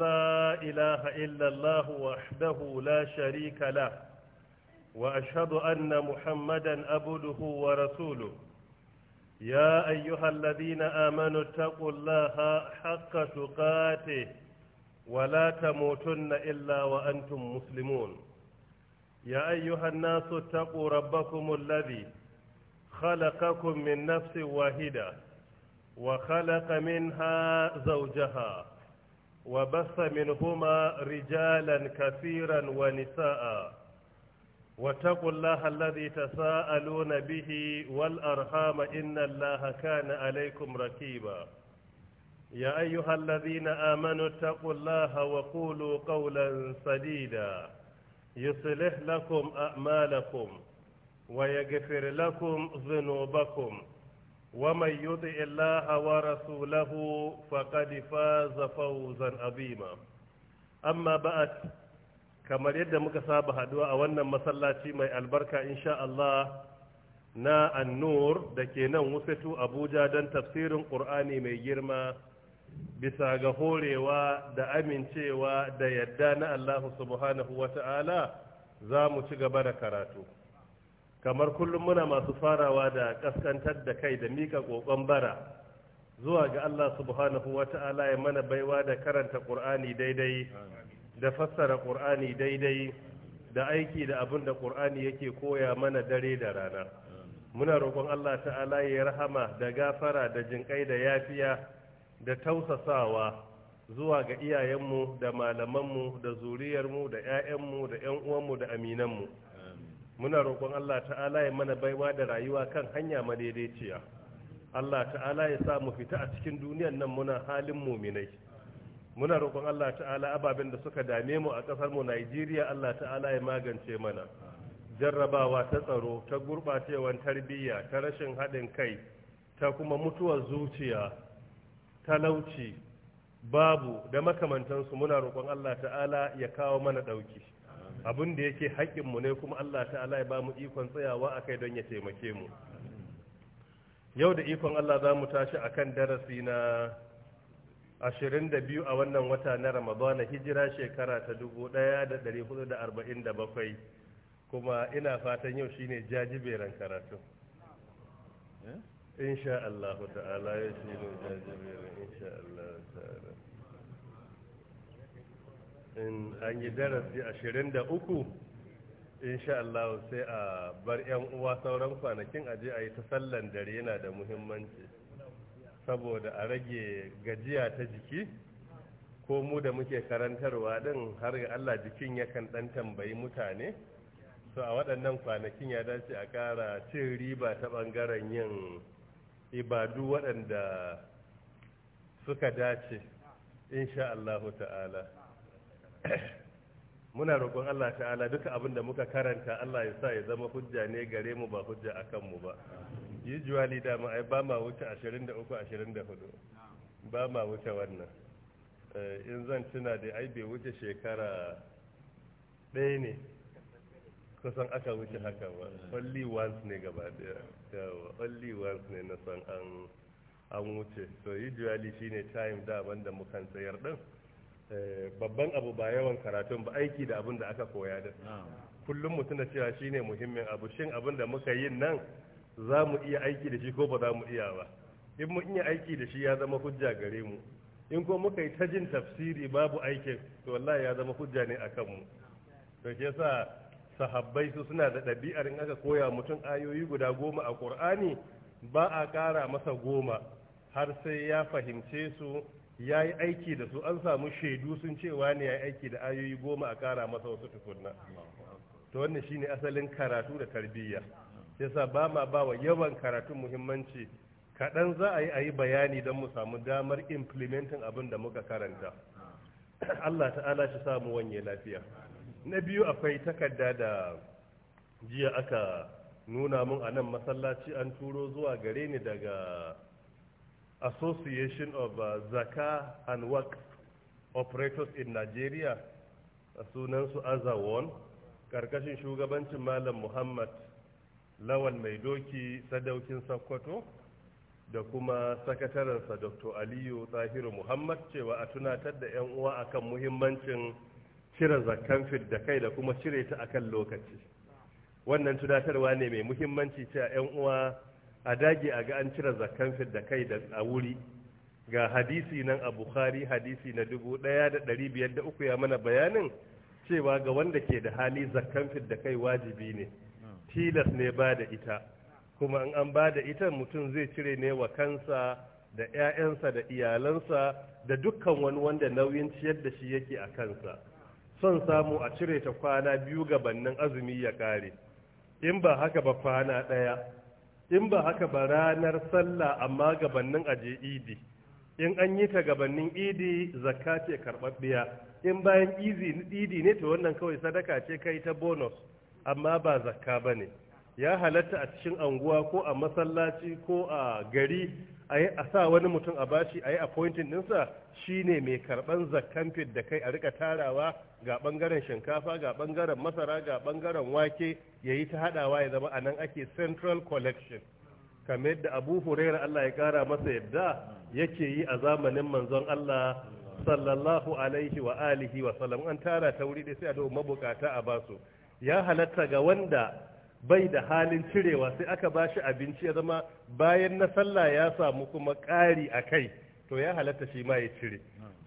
لا إله إلا الله وحده لا شريك له وأشهد أن محمدا أبده ورسوله يا أيها الذين آمنوا اتقوا الله حق تقاته ولا تموتن إلا وأنتم مسلمون يا أيها الناس اتقوا ربكم الذي خلقكم من نفس واحدة وخلق منها زوجها وبث منهما رجالا كثيرا ونساء واتقوا الله الذي تساءلون به والأرحام إن الله كان عليكم ركيبا يا أيها الذين آمنوا اتقوا الله وقولوا قولا سديدا يصلح لكم أعمالكم ويغفر لكم ذنوبكم ومن يطع الله ورسوله فقد فاز فوزا عظيما أما بعد kamar yadda muka saba haɗuwa a wannan masallaci mai albarka insha Allah na annur da ke nan wusatu abuja don tafsirin ƙur'ani mai girma bisa ga horewa da amincewa da yadda na allahu subhanahu wa ta'ala za mu ci gaba da karatu kamar kullum muna masu farawa da kaskantar da kai da mika kokon bara zuwa ga Allah subhanahu wata'ala ya mana baiwa da karanta Qur'ani daidai da fassara Qur'ani daidai da aiki da abin da Qur'ani yake koya mana dare da rana muna roƙon Allah ta'ala ya rahama da gafara da jinƙai da yafiya da tausasawa zuwa ga iyayenmu da malamanmu da zuriyarmu da 'ya'yanmu da 'yan uwanmu da aminanmu muna roƙon Allah ta'ala ya mana baiwa da rayuwa kan hanya madaidaiciya Allah ta'ala ya sa mu fita a cikin duniyan nan muna halin muminai muna roƙon Allah ta'ala ababen da suka dame mu a ƙasar mu Najeriya Allah ta'ala ya magance mana jarrabawa ta tsaro ta gurɓacewar tarbiyya ta rashin haɗin kai ta kuma mutuwar zuciya talauci babu da makamantansu muna roƙon Allah ta'ala ya kawo mana ɗauki abin da yake haƙƙinmu ne kuma Allah ta'ala ya ba mu ikon tsayawa a kai don ya taimake mu yau da ikon Allah za mu tashi a kan darasi na 22 a wannan wata na ramadana hijira shekara ta 1447 kuma ina fatan yau shine jajiberan karatu eh? insha Allah ta'ala yau shine jajiberan insha Allah ta'ala in an yi darasi ashirin da uku insha Allah sai a bar yan uwa sauran kwanakin aje a yi ta sallan dare yana da muhimmanci saboda a rage gajiya ta jiki ko mu da muke karantarwa din har ga Allah jikin yakan dan tambayi mutane so a waɗannan kwanakin ya dace a ƙara cin riba ta ɓangaren yin ibadu waɗanda suka dace insha Allah ta'ala muna roƙon Allah ta'ala duka abin da muka karanta Allah ya sa ya zama hujja ne gare mu ba hujja a kanmu ba yi da dama ai ba ma wuce 23 24 ba ma wuce wannan eh, in zan tuna da ai bai wuce shekara ɗaya ne kusan aka wuce haka ba only once ne gaba daya only once ne na san an wuce so shi shine time da wanda mukan tsayar din Eh, babban abu ba yawan karatun ba aiki da abin da aka koya da kullum mu tuna cewa ne muhimmin abu shin abin da muka yin nan za mu iya aiki da shi ko ba za mu iya ba in mu iya aiki da shi ya zama hujja gare mu in ko muka yi ta jin tafsiri babu aikin to wallahi ya zama hujja ne a kanmu to shi yasa sahabbai su suna da ɗabi'ar in aka koya mutum ayoyi guda goma a ƙur'ani ba a ƙara masa goma har sai ya fahimce su ya yi aiki da su an samu shaidu sun ce ne ya yi aiki da ayoyi goma a kara masa wasu tukunna to wannan shine asalin karatu da tarbiyya yasa ba ma ba wa yawan karatu muhimmanci kaɗan za a yi a yi bayani don mu samu damar implementing abin da muka karanta Allah ta'ala shi samu wanye lafiya na biyu akwai takarda da jiya aka nuna mun a nan masallaci an turo zuwa gare ni daga Association of uh, Zaka and Work Operators in Nigeria a sunansu Azawon karkashin shugabancin Malam Muhammad Lawan Mai Doki Sadaukin Sakkwato da kuma sakatarensa Dr. Aliyu tsahiru Muhammad cewa a tunatar da 'yan uwa akan muhimmancin cire zakan fit da kai da kuma cire ta akan lokaci. Wannan tunatarwa ne mai muhimmanci cewa 'yan uwa a dage a ga an cire zakan da kai da a wuri ga hadisi nan a bukhari hadisi na dubu ɗaya da ɗari biyar da uku ya mana bayanin cewa ga wanda ke da hali zakan da kai wajibi ne tilas ne ba da ita kuma in an ba da ita mutum zai cire ne wa kansa da 'ya'yansa da iyalansa da dukkan wani wanda nauyin ciyar da shi yake a kansa son samu a cire ta kwana biyu gabannin azumi ya kare in ba haka ba kwana ɗaya in ba haka ba ranar sallah amma gabannin aje idi in an yi ta gabannin idi zakka ce karɓaɓɓiya in bayan idi ne to wannan kawai sadaka ce kai ta bonus amma ba zakka ba ne ya halatta a cikin anguwa ko a masallaci ko a gari a sa wani mutum a bashi a yi appointing dinsa shine mai karɓan zakkan fit da kai a rika tarawa ga ɓangaren shinkafa ga ɓangaren masara ga ɓangaren wake ya yi ta haɗawa ya zama a nan ake central collection kamar yadda abu huraira allah ya kara masa yadda yake yi a zamanin manzon allah sallallahu alaihi wa alihi wa sallam an tara ta wuri sai a mabukata a basu ya halatta ga wanda bai da halin cirewa sai aka ba shi abinci ya zama bayan na sallah ya samu kuma ƙari a kai to ya halatta shi ma ya cire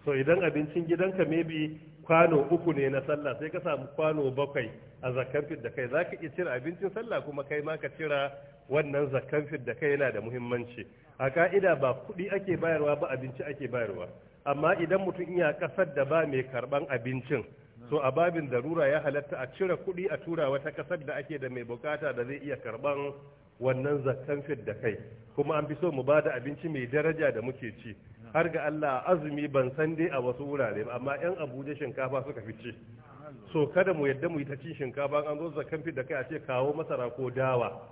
so idan abincin gidanka maybe kwano uku ne na sallah sai ka samu kwano bakwai a zakkan fit da kai za ka iya cire abincin sallah kuma kai ma ka cira wannan zakkan fit da kai yana da muhimmanci a ka'ida ba kuɗi ake bayarwa ba abinci ake bayarwa amma idan mutum iya ƙasar da ba mai karɓan abincin so a babin darura ya halatta a cire kuɗi a tura wata ƙasar da ake da mai bukata da zai iya karɓan wannan zakkan fit da kai kuma an fi so mu bada abinci mai daraja da muke ci har ga Allah azumi ban san dai a wasu wurare ba amma yan Abuja shinkafa suka fi ci so kada mu yadda mu yi ta cin shinkafa an zo zakkan fit da kai a ce kawo masara ko dawa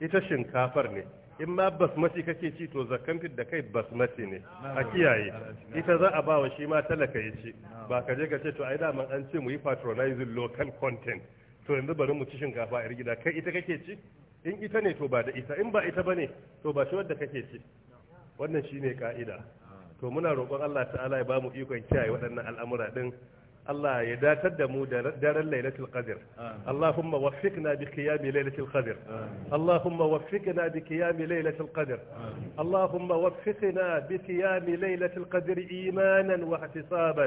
ita shinkafar ne in ma basmati kake ci to zakkan da kai basmati ne a kiyaye ita za a bawa shi ma talaka ya ci ba ka je ka ce to ai da an ce mu yi patronizing local content to yanzu bari mu ci shinkafa a gida kai ita kake ci in ita ne to ba da ita in ba ita bane to ba shi wanda kake ci wannan shine ka'ida to muna roƙon Allah ta'ala ya ba mu ikon kiyaye waɗannan al'amura din الله يدا تدمو دار ليلة القدر اللهم وفقنا بقيام ليلة القدر اللهم وفقنا بقيام ليلة القدر اللهم وفقنا بقيام ليلة القدر إيمانا واحتسابا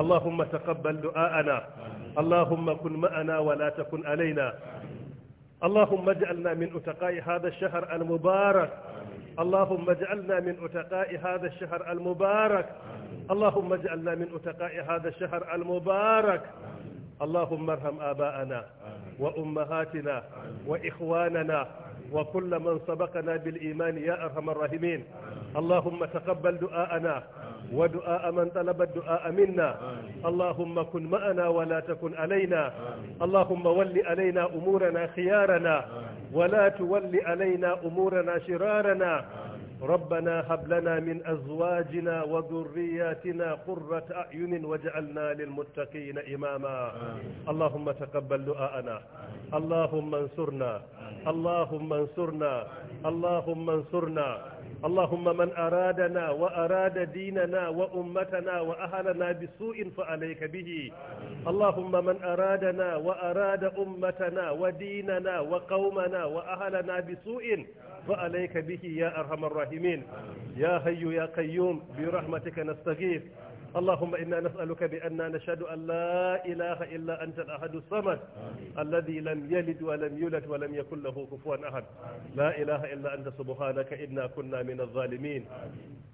اللهم تقبل دعاءنا اللهم كن معنا ولا تكن علينا اللهم اجعلنا من أتقاء هذا الشهر المبارك اللهم اجعلنا من أتقاء هذا الشهر المبارك اللهم اجعلنا من أتقاء هذا الشهر المبارك اللهم ارحم آباءنا وأمهاتنا وإخواننا وكل من سبقنا بالإيمان يا أرحم الراحمين اللهم تقبل دعاءنا ودعاء من طلب الدعاء منا اللهم كن معنا ولا تكن علينا اللهم ول علينا أمورنا خيارنا ولا تول علينا أمورنا شرارنا ربنا هب لنا من أزواجنا وذرياتنا قرة أعين وجعلنا للمتقين إماما اللهم تقبل دعاءنا اللهم انصرنا اللهم انصرنا اللهم انصرنا اللهم من أرادنا وأراد ديننا وأمتنا وأهلنا بسوء فعليك به اللهم من أرادنا وأراد أمتنا وديننا وقومنا وأهلنا بسوء فعليك به يا أرحم الراحمين يا هي يا قيوم برحمتك نستغيث اللهم إنا نسألك بأننا نشهد أن لا إله إلا أنت الأحد الصمد الذي لم يلد ولم يولد ولم يكن له كفوا أحد لا إله إلا أنت سبحانك إنا كنا من الظالمين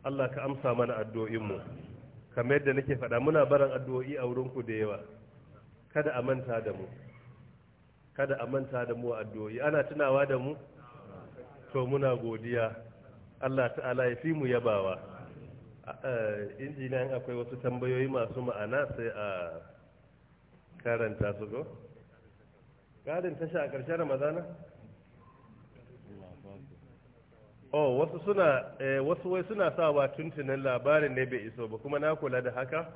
الله كأمسى من أدو إمو kamar yadda nake faɗa muna barin addu'o'i a ku da yawa kada a manta da mu kada a manta da mu addu'o'i ana tunawa da mu to muna godiya Allah ta'ala ya fi mu yabawa injiniyan akwai wasu tambayoyi masu ma'ana sai a karanta su go? ƙarin tasha a ƙarshen ramadana? oh wasu suna eh, wasu wai suna sawa tuntunan labarin ne bai iso ba kuma na kula da haka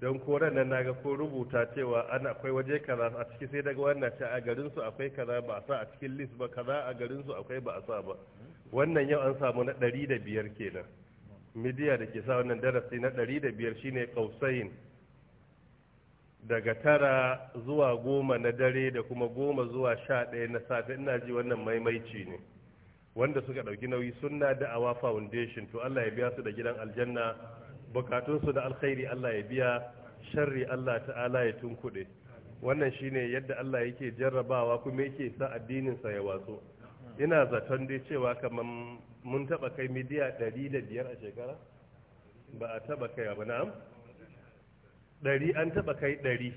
don koren nan naga ko rubuta cewa ana akwai waje kaza a ciki sai daga wannan ce a garin su akwai kaza ba a sa a cikin list ba kaza a garin su akwai ba a sa ba wannan yau an samu na 105 kenan midiya da ke sa wannan darasi na ɗari da biyar shine ƙausayin daga tara zuwa goma na dare da kuma goma zuwa sha ɗaya na safe ina ji wannan maimaici ne wanda suka ɗauki nauyi sunna da awa foundation to Allah ya biya su da gidan aljanna bukatunsu da alkhairi Allah ya biya sharri Allah ta'ala ya tunkuɗe wannan shine yadda Allah yake jarrabawa kuma yake sa addinin sa ya watsu ina zaton dai cewa kaman mun taba kai midiya biyar a shekara ba a taba kai abu na'am Ɗari, an taba kai ɗari.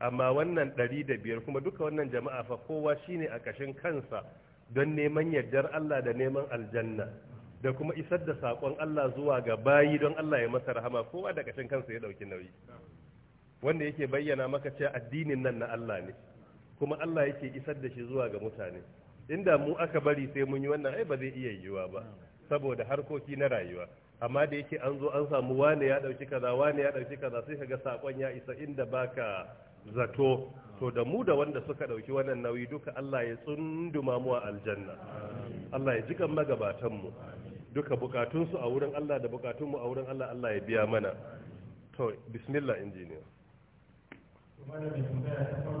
amma wannan ɗari da biyar, kuma duka wannan jama'a fa kowa shine a kashin kansa don neman yardar Allah da neman aljanna da kuma isar da saƙon Allah zuwa ga bayi don Allah ya masa rahama kowa da kashin kansa ya ɗauki nauyi wanda yake bayyana maka cewa addinin nan na Allah ne kuma Allah yake isar da shi zuwa ga mutane inda mu aka bari sai mun yi wannan ai ba zai iya yiwuwa ba saboda harkoki na rayuwa amma da yake an zo an samu wane ya dauki kaza wane ya dauki kaza sai kaga sakon ya isa inda baka zato to da mu da wanda suka dauki wannan nauyi duka Allah ya tsunduma mu a aljanna Allah ya jikan magabatan mu duka bukatun su a wurin Allah da bukatun mu a wurin Allah Allah ya biya mana to bismillah injiniya kuma da ta farko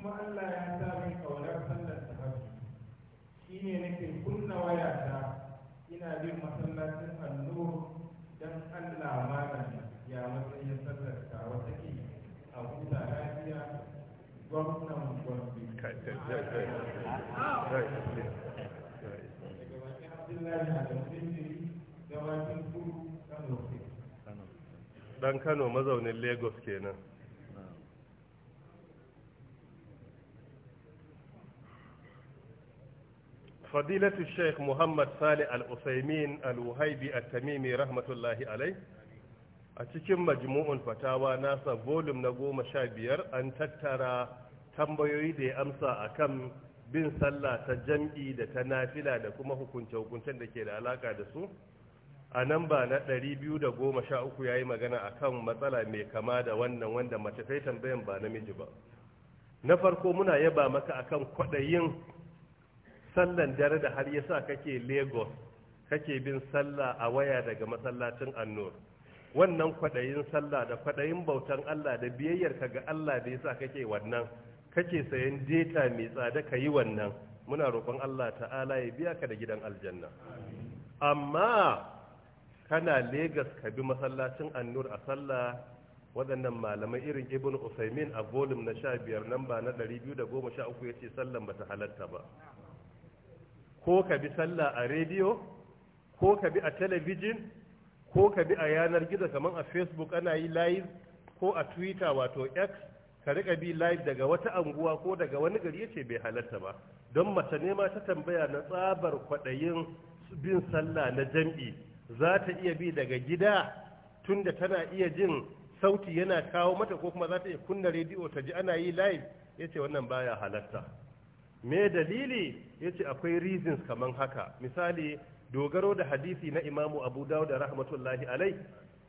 kuma Allah ya sa min kaunar sallar tahajjud shine nake kunna wayata ina bin masallacin annur dan Allah malami ya matsayin sallar ta wata ke a huta lafiya gwamnan gwambi daga dan kano mazaunin lagos kenan فضيلة الشيخ al صالح الأسيمين الوهيبي التميمي رحمة rahmatullahi alai? a cikin majmu'un fatawa nasa volum na goma sha biyar an tattara tambayoyi da ya amsa a kan bin sallah ta jam'i da ta nafila da kuma hukunce-hukuncen da ke da alaka da su a nan ba na uku ya yi magana a kan matsala mai kama da wannan wanda mace ta yi tambayan ba namiji ba na farko muna yaba maka akan kwaɗayin sallan dare da har yasa kake lagos kake bin sallah a waya daga masallacin annur wannan kwaɗayin sallah da kwaɗayin bautan allah da biyayyar ka ga allah da yasa kake wannan kake sayan data mai tsada ka yi wannan muna roƙon allah ta'ala ya biya ka da gidan aljanna amma kana lagos ka bi masallacin annur a sallah waɗannan malamai irin ibn usaimin a volume na sha biyar namba na 213 ya ce sallan bata halatta ba ko ka bi sallah a rediyo ko ka bi a talabijin ko ka bi a yanar gizo kamar a facebook ana yi live ko a twitter wato x ka rika bi live daga wata anguwa ko daga wani gari ce bai halarta ba don mace ne ma ta tambaya na tsabar kwaɗayin bin sallah na jam'i za ta iya bi daga gida tunda tana iya jin sauti yana kawo mata ko kuma za ta iya kunna rediyo ta ji ana yi live ce wannan baya halarta. me dalili yace akwai reasons kaman haka misali dogaro da hadisi na imamu abu dawud rahmatullahi alai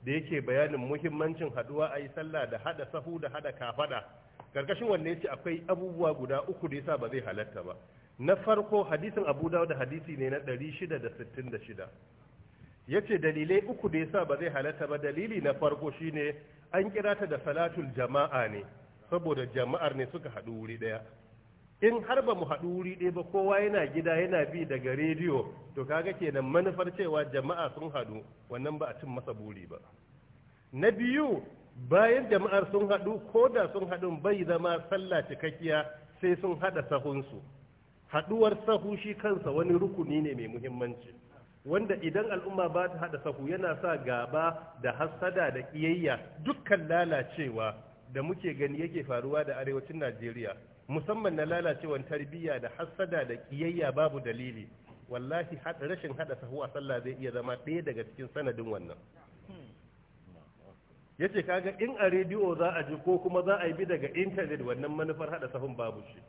da yake bayanin muhimmancin haduwa a yi sallah da hada sahu da hada kafada karkashin wanne yace akwai abubuwa guda uku da yasa ba zai halatta ba na farko hadisin abu dawud hadisi ne na 666 yace dalilai uku da yasa ba zai halatta ba dalili na farko shine an kira da salatul jama'a ne saboda jama'ar ne suka haɗu wuri ɗaya in har ba mu haɗu wuri ɗaya ba kowa yana gida yana bi daga rediyo to kaga kenan manufar cewa jama'a sun haɗu wannan ba a cin masa buri ba na biyu bayan jama'ar sun haɗu ko da sun haɗu bai zama sallah cikakkiya sai sun haɗa sahunsu haɗuwar sahu shi kansa wani rukuni ne mai muhimmanci wanda idan al'umma ba ta haɗa sahu yana sa gaba da hassada da ƙiyayya dukkan lalacewa da muke gani yake faruwa da arewacin najeriya musamman na lalacewan tarbiyya da hassada da kiyayya babu dalili wallahi rashin hada sahu a sallah zai iya zama ɗaya daga cikin sanadin wannan yace kaga in a rediyo za a ji ko kuma za a yi bi daga intanet wannan manufar hada sahun babu shi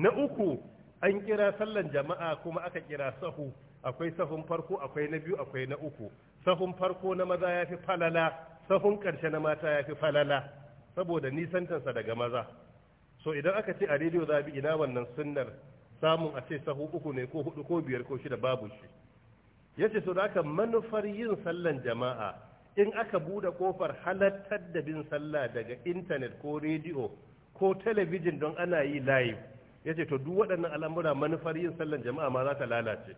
na uku an kira sallan jama'a kuma aka kira sahu akwai sahun farko akwai na biyu akwai na uku sahun farko na maza ya fi falala sahun ƙarshe na mata ya fi falala saboda nisantansa daga maza so idan aka ce a rediyo za bi ina wannan sunnar samun a ce sahu uku ne ko hudu ko biyar ko shida babu shi Ya ce so da aka manufar yin sallan jama'a in aka buɗe kofar halartar da bin sallah daga intanet ko rediyo ko talabijin don ana yi live ce to duk waɗannan al'amura manufar yin sallan jama'a ma za ta lalace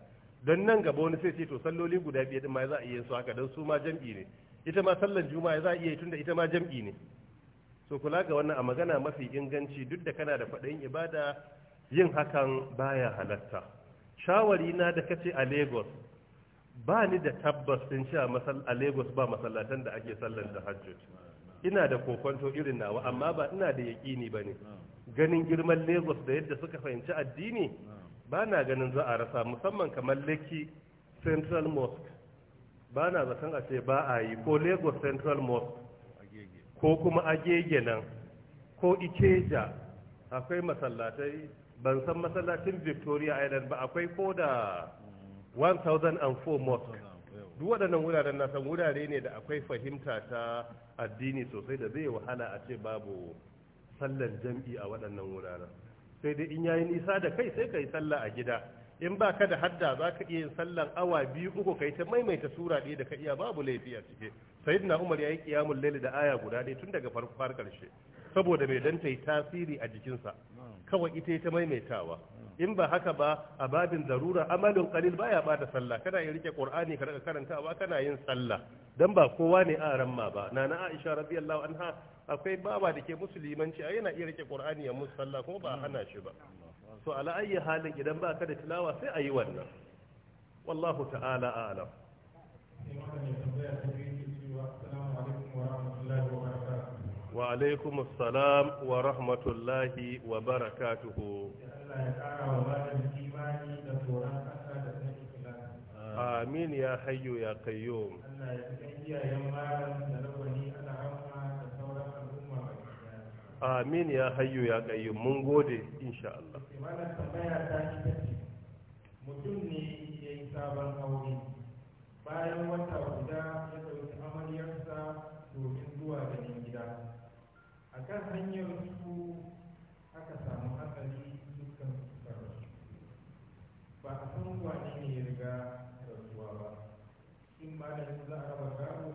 don nan gaba wani sai ce to salloli guda biyar ɗin ma za a iya su haka don su ma jam'i ne ita ma sallan juma'a za a iya tunda ita ma jam'i ne To kula ga wannan a magana mafi inganci duk da kana da faɗin ibada yin hakan baya halatta shawari na da kace a Lagos ba ni da tabbas din cewa a Lagos ba masallatan da ake sallar Hajji. ina da kokonto irin nawa amma ba ina da yaƙini ba ne ganin girman lagos da yadda suka fahimci addini ba na ganin za a rasa musamman kamar lekki central mosque ba na zaton a ce ba a yi ko lagos central mosque ko kuma agege nan ko ikeja akwai masallatai ban san masallacin victoria island ba akwai ko da 1004 mosque duk waɗannan wuraren na san wurare ne da akwai fahimta ta addini sosai da zai wahala a ce babu sallan jam'i a waɗannan wuraren sai dai in yayi nisa da kai sai ka yi sallah a gida in ba ka da hadda za ka iya yin sallan awa biyu uku kai ta maimaita sura ɗaya da ka iya babu laifi a cike na umar ya yi kiyamun laili da aya guda ɗaya tun daga farko har ƙarshe saboda mai dan ta yi tasiri a jikinsa kawai ita ta maimaitawa in ba haka ba a babin zarura amalin ba baya bada sallah kana yin rike qur'ani ka daga karantawa kana yin sallah dan ba kowa ne a ramma ba nana aisha radiyallahu anha akwai bawa da ke musulmanci a yana iya rike ƙur'ani ya musu sallah kuma ba hana shi ba to ala halin idan ba ka da tilawa sai a yi wannan wallahu ta'ala a'lam wa alaikum assalam wa rahmatullahi wa barakatuhu amin ya hayyu ya qayyum Allah ya amin ya hayyu ya ƙayyu mun gode insha Allah mutum ne ya yi sabon aure bayan wata guda ya ɗauki amaryarsa domin zuwa ganin gida a kan hanyar su aka samu hatsari dukkan su ba a san wane ne ya riga rasuwa ba in ba da za a raba gado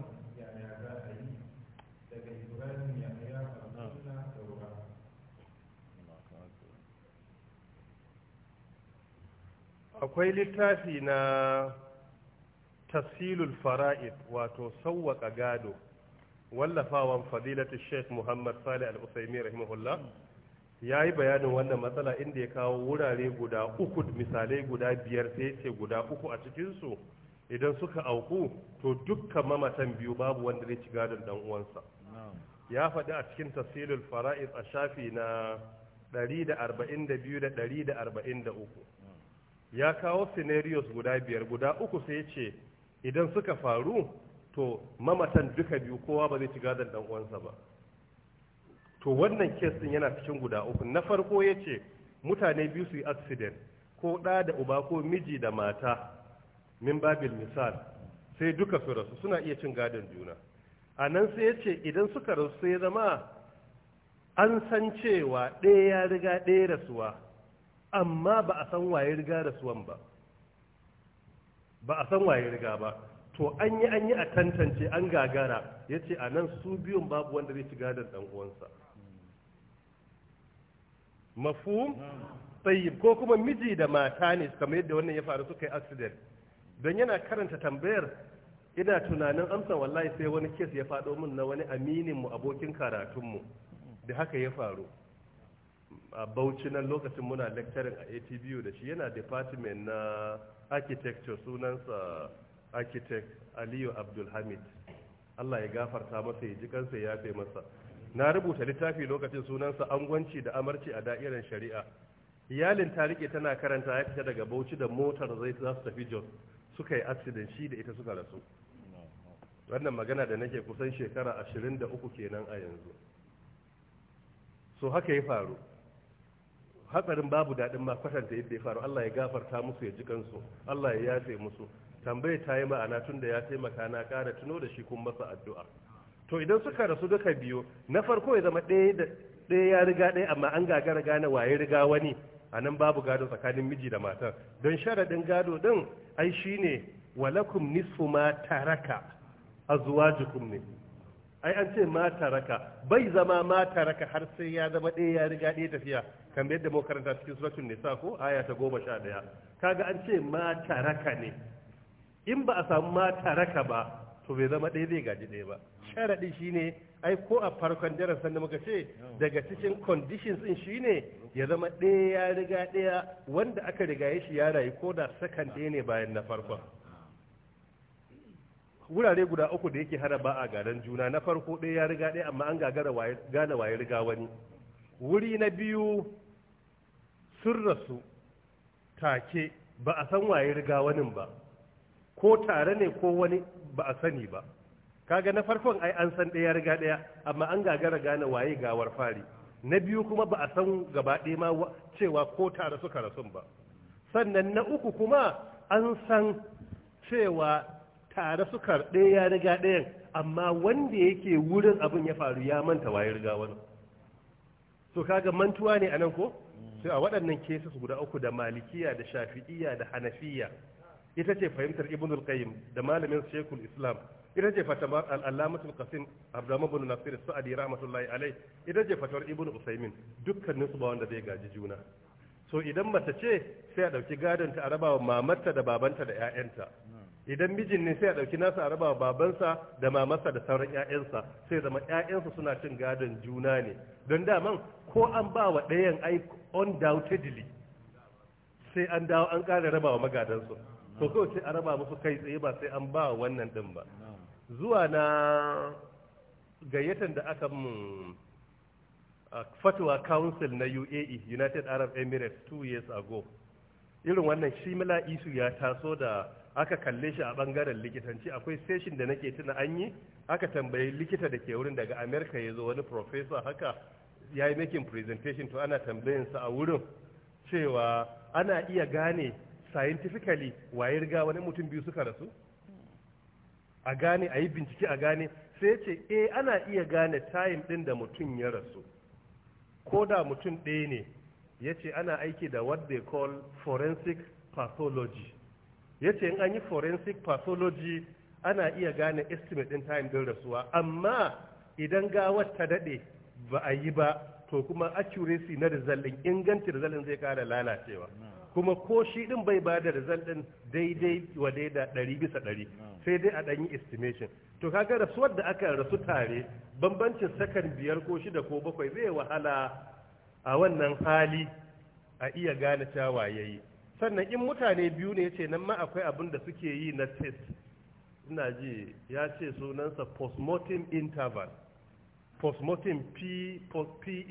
akwai littafi na tafsilul fara'id wato sawwaka gado wallafawan fadilatu sheikh muhammad salih al-usaimi rahimahullah ya bayanin wannan matsala inda ya kawo wurare guda uku misalai guda biyar sai ce guda uku a cikinsu idan suka auku to dukkan mamatan biyu babu wanda zai ci gadon dan uwansa ya faɗi a cikin tafsilul fara'id a shafi na 142 da 143 ya kawo scenarios guda biyar guda uku sai ya ce idan suka faru to mamatan duka biyu kowa ba zai ci gadon dan uwansa ba to wannan kes din yana cikin guda uku na farko ya ce mutane biyu su yi accident ko ɗa da uba ko miji da mata min babil misal sai duka su rasu suna iya cin gadon juna a nan sai ya ce idan suka rasu sai zama an san cewa ɗaya ya riga ɗaya rasuwa amma ba a san waye riga da suwan ba ba a san waye riga ba to an yi an yi a tantance an gagara ya ce a nan su biyun babu wanda zai ci gadon ɗan uwansa mafhum tayyib ko kuma miji da mata ne kamar yadda wannan ya faru suka yi accident don yana karanta tambayar ina tunanin amsa wallahi sai wani kes ya faɗo min na wani aminin mu abokin karatun mu da haka ya faru a bauchi nan lokacin muna lecturing a atbu da shi yana department na architecture sunansa architect aliyu abdulhamid allah ya gafarta masa ya ji kansa ya yafe masa na rubuta littafi lokacin sunansa angwanci da amarci a da'irar shari'a iyalin ta tana karanta ya fita daga bauchi da motar zai za tafi jos suka yi accident shi da ita suka rasu wannan magana da nake kusan shekara 23 kenan a yanzu so haka ya faru hatsarin babu daɗin ma kwatanta yadda ya faru Allah ya gafarta musu ya ji kansu Allah ya yafe musu tambaye ta yi ma'ana tun da ya taimaka na ƙara tuno da shi kun masa addu'a to idan suka rasu duka biyu na farko ya zama ɗaya da ɗaya ya riga ɗaya amma an gagara gane waye riga wani a nan babu gado tsakanin miji da matar don sharaɗin gado ɗin ai shine walakum nisfu ma taraka azwajukum ne ai an ce mata raka bai zama mata raka har sai ya zama ɗaya ya riga ɗaya tafiya kan yadda mu karanta cikin suratul nisa ko aya ta goma sha ɗaya kaga an ce ma taraka ne in ba a samu mata raka ba to bai zama ɗaya zai gaji ɗaya ba sharaɗi shine ai ko a farkon darasin da muka ce daga cikin conditions din shine ya zama ɗaya ya riga ɗaya wanda aka rigaye shi ya rayu ko da sakan ɗaya ne bayan na farkon wurare guda uku da yake hana ba a garan juna na farko ɗaya ya riga ɗaya amma an gagara gane waye riga wani wuri na biyu sun rasu take ba a san waye riga wani ba ko tare ne ko wani ba a sani ba kaga na farkon ai an san ɗaya riga ɗaya amma an gagara gane waye gawar fari na biyu kuma ba a san gaba ɗaya ma cewa ko tare suka rasu ba sannan na uku kuma an san cewa tare su karɗe ya riga ɗayan amma wanda yake wurin abin ya faru ya manta waye riga wani to kaga mantuwa ne anan ko sai a waɗannan cases guda uku da malikiya da shafi'iya da hanafiya ita ce fahimtar ibnul qayyim da malamin shekul islam ita ce fatawar al qasim abdulrahman bin nasir sa'di rahmatullahi alai ita ce fatawar ibnu usaimin dukkanin su ba wanda zai gaji juna so idan mace ce sai a dauki gadon ta a rabawa mamarta da babanta da ƴaƴanta idan mijin ne sai ya ɗauki nasa a raba babansa da mamarsa da sauran ƴaƴansa sai zama ƴaƴansa suna cin gadon juna ne don daman ko an ba wa ɗayan ai undoubtedly sai an dawo an ƙara raba wa magadansu to kawai sai a raba musu kai tsaye ba sai an ba wannan ɗin ba zuwa na gayyatan da aka mun fatwa council na UAE United Arab Emirates two years ago irin wannan shimila isu ya taso da aka kalle shi a bangaren likitanci akwai station da nake tuna an yi aka tambayi likita da ke wurin daga america ya zo wani professor haka ya yi making presentation to ana sa a wurin cewa ana iya gane scientifically waye riga wani mutum biyu suka rasu a gane a yi bincike a gane sai ce e ana iya gane time din da mutum ya rasu ko da mutum ɗaya ne ya ce ana aiki da what they call forensic pathology ya ce in an yi forensic pathology ana iya gane estimate din time din rasuwa amma idan gawar ta daɗe ba a yi ba to kuma accuracy na result inganci result zai kara lalacewa kuma ko shi din bai ba da result din daidai wa daida ɗari bisa ɗari sai dai a ɗan yi estimation to kaga rasuwar da aka rasu tare bambancin sakan biyar ko shida ko bakwai zai wahala a wannan hali a iya gane cewa yayi sannan in mutane biyu ne ce nan ma akwai abin da suke yi na test ina ji ya ce sunansa postmortem interval postmortem p pmi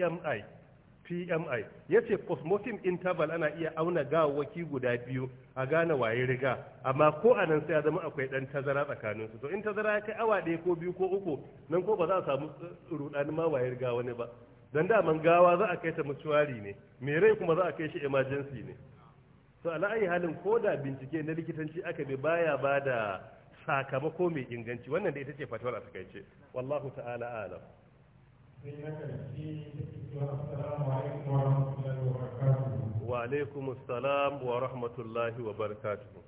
pmi ya ce postmortem interval ana iya auna gawawaki guda biyu a gane waye riga amma ko a nan sai ya zama akwai dan tazara tsakanin su to in tazara ya kai awa ɗaya ko biyu ko uku nan ko ba za a samu rudani ma waye riga wani ba dan daman gawa za a kai ta mutuwari ne me rai kuma za a kai shi emergency ne to ala ayi halin ko da bincike na likitanci aka bi baya ba da sakamako mai inganci wannan da ita ce fatawar a takaice wallahu ta'ala alam wa alaikum assalam wa rahmatullahi wa barakatuhu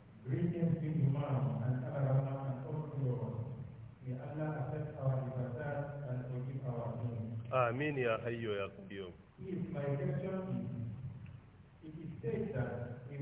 Amin ya hayyo ya qayyum. If my question is, it is said that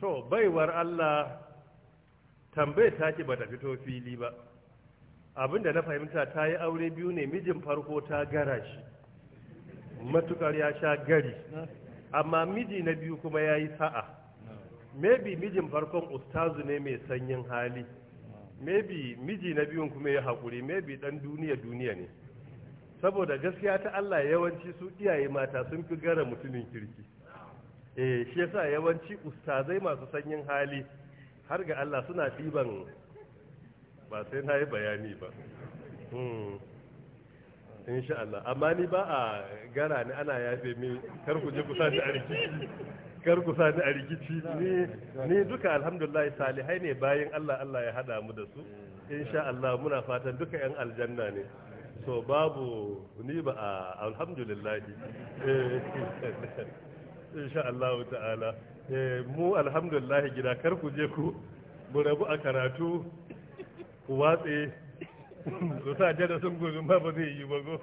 to baiwar Allah tambayar ta ki bata fito fili ba abinda na fahimta ta yi aure biyu ne mijin farko ta gara shi matukar ya sha gari amma miji na biyu kuma ya yi sa'a maybe mijin farkon ustazu ne mai sanyin hali maybe miji na biyun kuma ya haƙuri maybe ɗan duniya duniya ne saboda gaskiya ta Allah yawanci su iyaye mata sun fi gara mutumin kirki eh shi yasa yawanci ustazai masu sanyin hali har ga Allah suna ɗiban ba sai na yi bayani ba hmm. insha Allah amma ni ba a gara ni ana yafe mi kar ku je ku sani a rikici kar ku sani a rikici ni ni duka alhamdulillah salihai ne bayan Allah Allah ya hada mu da su insha Allah muna fatan duka yan aljanna ne to babu ni ba a in eh, insha Allah ta'ala eh, mu alhamdulillahi gida kar ku je ku mu rabu a karatu ku watse ku sa jada sun gobe ma ba zai yi bago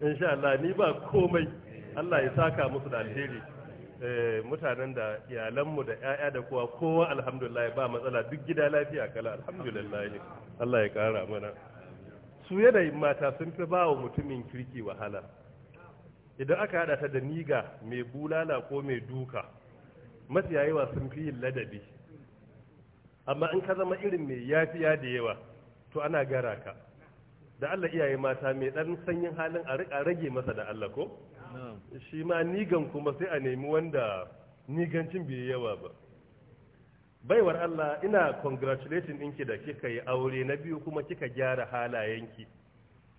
insha Allah ni ba komai Allah ya saka musu da alheri eh, mutanen da iyalanmu da 'ya'ya da kowa kowa alhamdulillah ba matsala duk gida lafiya kala alhamdulillah Allah ya kara mana su yanayin mata sun fi ba wa mutumin kirki wahala idan aka hada ta da niga mai bulala ko mai duka yayiwa sun fi yin ladabi amma in ka zama irin mai yafiya da yawa to ana gara ka da Allah iyaye mata mai dan sanyin halin a rage masa da Allah ko shi ma nigan kuma sai a nemi wanda nigancin bai yawa ba baiwar Allah ina congratulating ɗinki da kika yi aure na biyu kuma kika gyara halayenki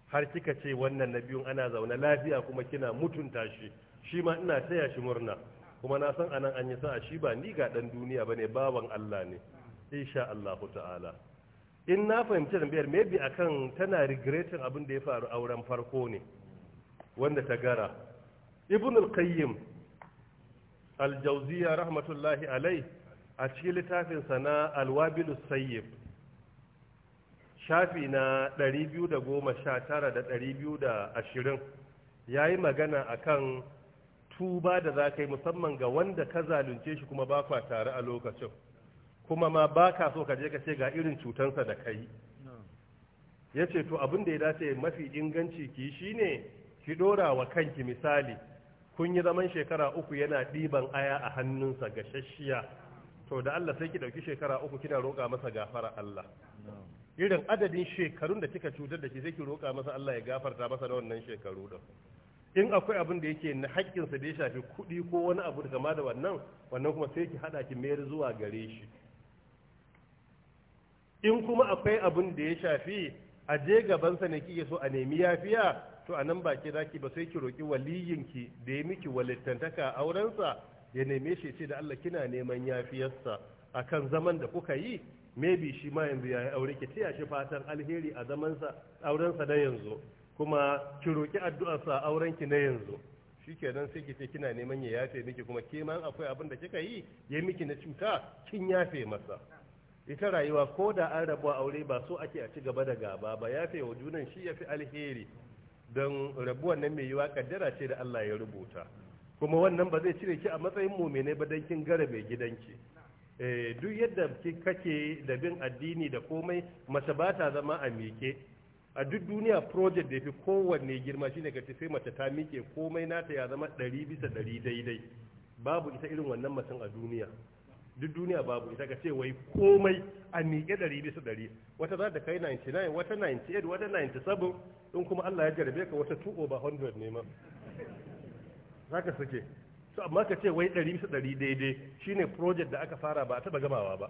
har kika ce wannan na biyun ana zaune lafiya kuma kina mutunta shi shi ma ina taya shi murna kuma na san anan an yi sa'a shi ba ni ga ɗan duniya ba ne, bawan Allah ne insha Allah ta'ala in na fahimci tambayar maybe akan tana regretting abin da ya faru auren farko ne wanda ta gara ibn al-qayyim al rahmatullahi alayhi a cikin littafinsa na Alwabilus sayyib shafi na 219 da 220 ya yi magana akan tuba da za ka yi musamman ga wanda ka zalunce shi kuma ba kwa tare a lokacin kuma ma ba ka so ka je ka ce ga irin cutansa da kai, yi ya ce to abin da ya dace mafi inganci ki shi ne ki dora wa kanki misali kun yi zaman shekara uku yana ɗiban aya a hannunsa ga to da Allah sai ki dauki shekara uku kina roƙa masa gafara Allah irin adadin shekarun da kika cutar da shi sai ki roƙa masa Allah ya gafarta masa na wannan shekaru da in akwai abin da yake na haƙƙinsa da ya shafi kuɗi ko wani abu da kama da wannan wannan kuma sai ki haɗa ki mayar zuwa gare shi in kuma akwai abin da ya shafi a je gaban sa ne kike so a nemi yafiya to a nan baki zaki ba sai ki roƙi waliyinki da ya miki walittantaka aurensa ya neme shi ce da Allah kina neman yafiyarsa akan zaman da kuka yi maybe shi ma yanzu ya yi aure ki taya shi fatan alheri a zaman sa auren yanzu kuma ki roki addu'ar sa auren ki na yanzu shikenan sai ki ce kina neman ya yafe miki kuma ke ma akwai abin da kika yi ya miki na cuta kin yafe masa ita rayuwa ko da an rabu aure ba so ake a ci gaba da gaba ba yafe wa junan shi yafi alheri don rabuwan nan mai yiwa kaddara ce da Allah ya rubuta kuma wannan ba zai cire ki a matsayin mu mene ba dan kin gara mai gidanki eh duk yadda kake da bin addini da komai mace ba ta zama a mike a duk duniya project da fi kowanne girma shine ka sai mace ta mike komai nata ya zama 100 bisa 100 daidai babu ita irin wannan mutum a duniya duk duniya babu ita ka ce wai komai a miƙe ɗari bisa ɗari wata za ta kai 99 wata 98 wata 97 in kuma Allah ya jarabe ka wata 2 over 100 ne ma zaka sake su amma ka ce wai ɗari bisa ɗari daidai shine project da aka fara ba a taɓa gamawa ba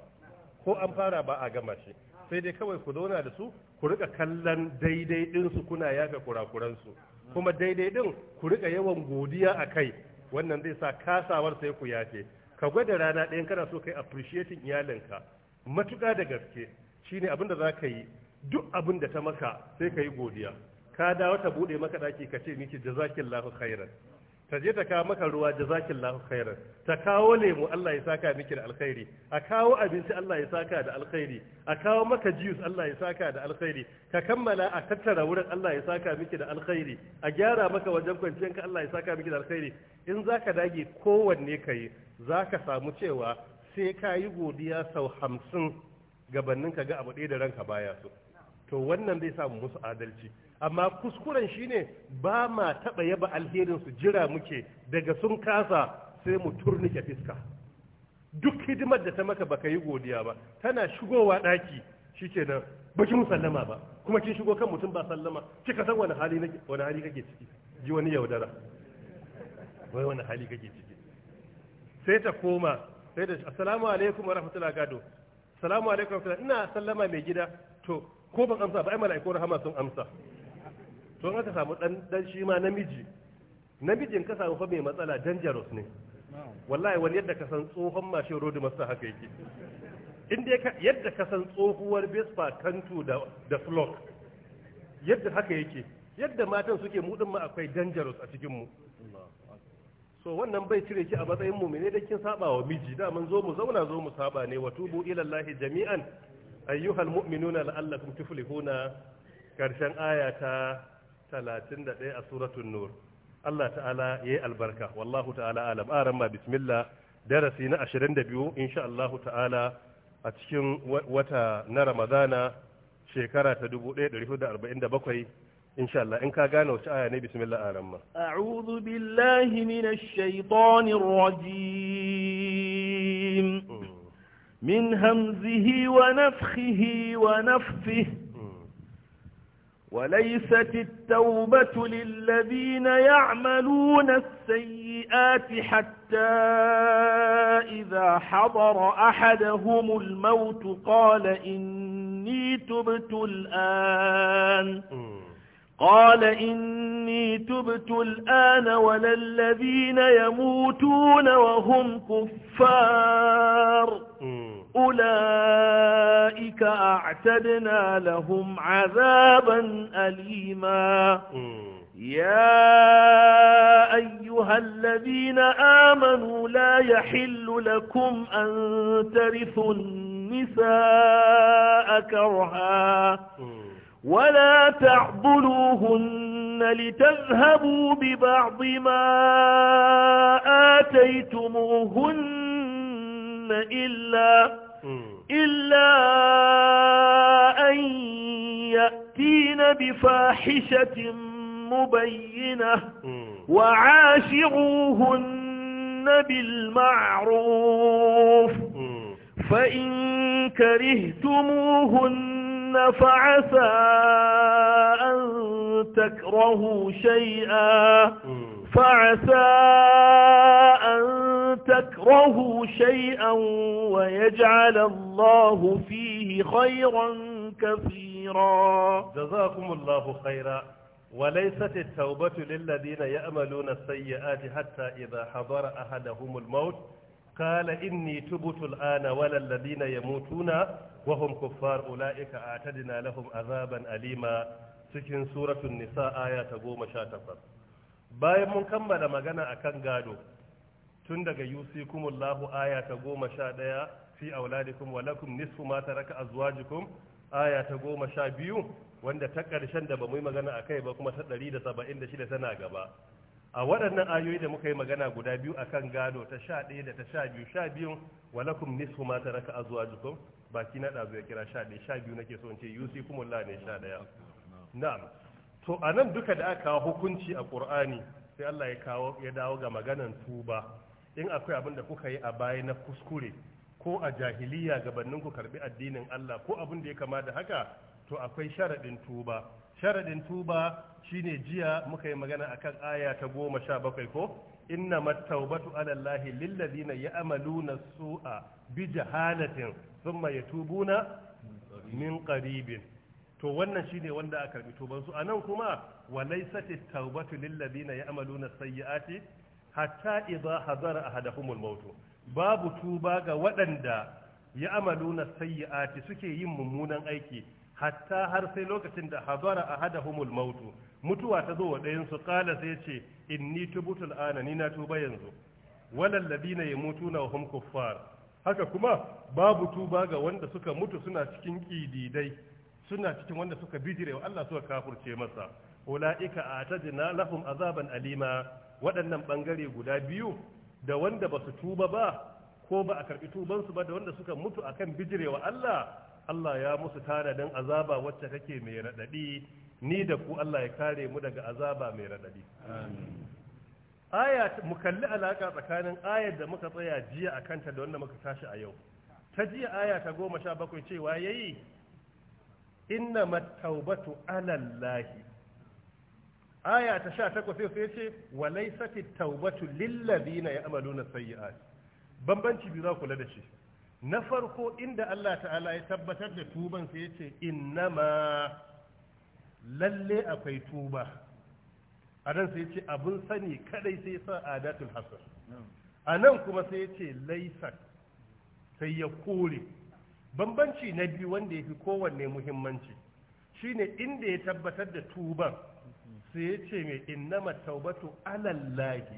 ko an fara ba a gama shi sai dai kawai ku zauna da su ku rika kallon daidai su kuna kurakuran su kuma daidai ɗin ku rika yawan godiya a kai wannan zai sa kasawar sai ku yafe ka gwada rana ɗayan kana so kai appreciating ka matuƙa da gaske shine abin da za ka yi duk abin da ta maka sai ka yi godiya ka dawo ta buɗe maka ɗaki ka ce miki jazakin lahu khairan ta je ta kawo maka ruwa zakin khairan ta kawo lemu Allah ya saka miki da alkhairi a kawo abinci Allah ya saka da alkhairi a kawo maka juice Allah ya saka da alkhairi ka kammala a tattara wurin Allah ya saka miki da alkhairi a gyara maka wajen kwanciyanka Allah ya saka miki da alkhairi in zaka dage kowanne kai zaka samu cewa sai ka yi godiya sau hamsin gabanin ka ga abu ɗaya da ranka baya so to wannan zai samu musu adalci amma kuskuren shine ba ma taɓa yaba alherin su jira muke daga sun kasa sai mu turnike fiska duk hidimar da ta maka baka yi godiya ba tana shigowa ɗaki shikenan baki mu sallama ba kuma kin shigo kan mutum ba sallama kika san wani hali nake wani hali kake ciki ji wani yaudara wai wani hali kake ciki sai ta koma sai da assalamu alaikum wa rahmatullahi gado assalamu alaikum wa ina sallama mai gida to ko ban amsa ba ai mala'iku rahama sun amsa to in aka samu dan dan shi ma namiji namijin ka samu fa mai matsala dangerous ne wallahi wani yadda ka san tsohon mashin road master haka yake in dai yadda ka san tsohuwar Vespa kantu da da flock yadda haka yake yadda matan suke mu ma akwai dangerous a cikin mu so wannan bai cire ki a matsayin mu ne da kin saba wa miji da mun zo mu zauna zo mu saba ne wa tubu ila jami'an ayyuhal mu'minuna la'allakum tuflihuna karshen aya ta 31 a suratul nur Allah ta'ala yayi albarka wallahu ta'ala alam aran ma bismillah darasi na 22 insha Allah ta'ala a cikin wata na Ramadana shekara ta 1447 insha Allah in ka gane wace aya ne bismillah aran ma a'udhu billahi minash shaitanir rajim mm. من همزه ونفخه ونفثه وليست التوبة للذين يعملون السيئات حتى إذا حضر أحدهم الموت قال إني تبت الآن قال إني تبت الآن ولا الذين يموتون وهم كفار أولئك أعتدنا لهم عذابا أليما يا أيها الذين آمنوا لا يحل لكم أن ترثوا النساء كرها ولا تعضلوهن لتذهبوا ببعض ما آتيتموهن إلا إلا أن يأتين بفاحشة مبينة وعاشروهن بالمعروف فإن كرهتموهن فعسى أن تكرهوا شيئا فعسى أن تكرهوا شيئا ويجعل الله فيه خيرا كثيرا جزاكم الله خيرا وليست التوبة للذين يأملون السيئات حتى إذا حضر أحدهم الموت Kala inni tubtu al'ana wala alladhina yamutuna wa hum kuffar ulaika a'tadna lahum azaban alima cikin suratul nisa aya ta 18 bayan mun kammala magana akan gado tun daga yusikumullahu aya ta 11 fi auladikum wa lakum nisfu ma taraka azwajukum aya ta goma biyu wanda ta karshen da ba mu yi magana akai ba kuma ta ɗari da shida tana gaba a waɗannan ayoyi da muka yi magana guda biyu a kan gado ta sha ɗaya da ta sha biyu sha biyun walakum nisfu ma taraka azwajukum baki na ɗazu ya kira sha ɗaya sha biyu nake so in ce kuma ne sha ɗaya na'am to a nan duka da aka hukunci a ƙur'ani sai Allah ya kawo ya dawo ga maganan tuba in akwai abin da kuka yi a baya na kuskure ko a jahiliya gabanin ku karbi addinin Allah ko abin da ya kama da haka to akwai sharaɗin tuba sharadin tuba shine jiya muka yi magana akan aya ta goma sha bakwai ko inna mattaubatu alallahi lillazina ya'maluna su'a bi jahalatin thumma yatubuna min qaribin to wannan shine wanda aka karbi tuban su anan kuma walaysati tawbatu lillazina ya'maluna sayyi'ati hatta idha hadara ahadahumul maut babu tuba ga waɗanda ya'maluna sayyi'ati suke yin mummunan aiki hatta har sai lokacin da habara humul mautu mutuwa ta zo wa ɗayansu su kala sai ce inni tubutul ana ni na tuba yanzu walal ladina yamutuna wa hum kuffar haka kuma babu tuba ga wanda suka mutu suna cikin kididai suna cikin wanda suka bijirewa Allah suka kafurce masa ulaika atajna lahum azaban alima waɗannan bangare guda biyu da wanda ba su tuba ba ko ba a karbi tubansu ba da wanda suka mutu akan bijirewa Allah Allah ya musu tanadin azaba wacce take mai raɗaɗi ni da ku Allah ya kare mu daga azaba mai raɗaɗi. Aya mu kalli alaƙa tsakanin ayar da muka tsaya jiya a kanta da wanda muka tashi a yau. Ta jiya aya ta goma sha bakwai cewa ya yi, Inna mattaubatu alallahi. Aya ta sha takwas sai ce, Walai taubatu lillazina ya amalu na sayi'at. Bambanci biyu za kula da shi. na farko inda Allah ta'ala ya tabbatar da tuban sai ya ce ma lalle akwai tuba a nan sai ya ce abun sani kadai sai sa adatul hasar a nan kuma sai ya ce laisan sai ya kore bambanci na biyu wanda ya fi kowanne muhimmanci shine inda ya tabbatar da tuban sai ya ce mai innama taubatu alallahi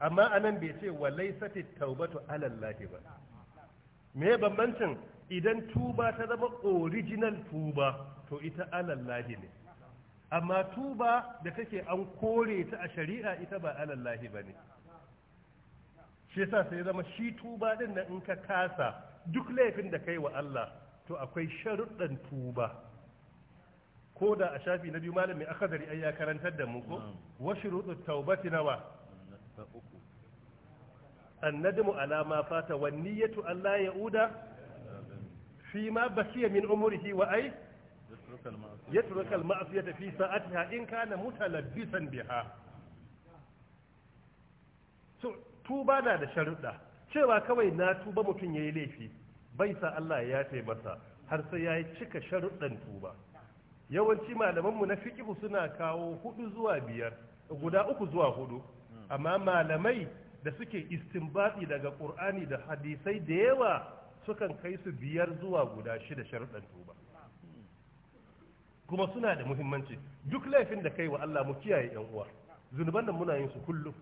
amma anan bai ce wa laisati taubatu alallahi ba me bambancin idan tuba ta zama original tuba to ita alallahi ne amma tuba da take an kore ta a shari'a ita ba alallahi ba ne shi yasa sai zama shi tuba din nan in ka kasa duk laifin da kai wa Allah to akwai sharuɗan tuba ko da a shafi na biyu malamin akadari ai ya karantar da mu ko wa shuruɗut taubati nawa annadmu ala ma fata wan niyyatu alla yauda fi ma basiya min umrihi wa ay yatruka ma'siyata fi sa'atiha in kana mutalabbisan biha tuba na da sharuɗa cewa kawai na tuba mutum yayi laifi bai sa Allah ya yafe masa har sai yayi cika sharuɗan tuba yawanci malamanmu na fikihu suna kawo hudu zuwa biyar guda uku zuwa hudu amma malamai da suke istinbati daga qur'ani da hadisai da yawa sukan kai su biyar zuwa guda shida sharuɗan tuba kuma suna da muhimmanci duk laifin da kai wa Allah mu kiyaye yan uwa zunuban da muna yin su kullum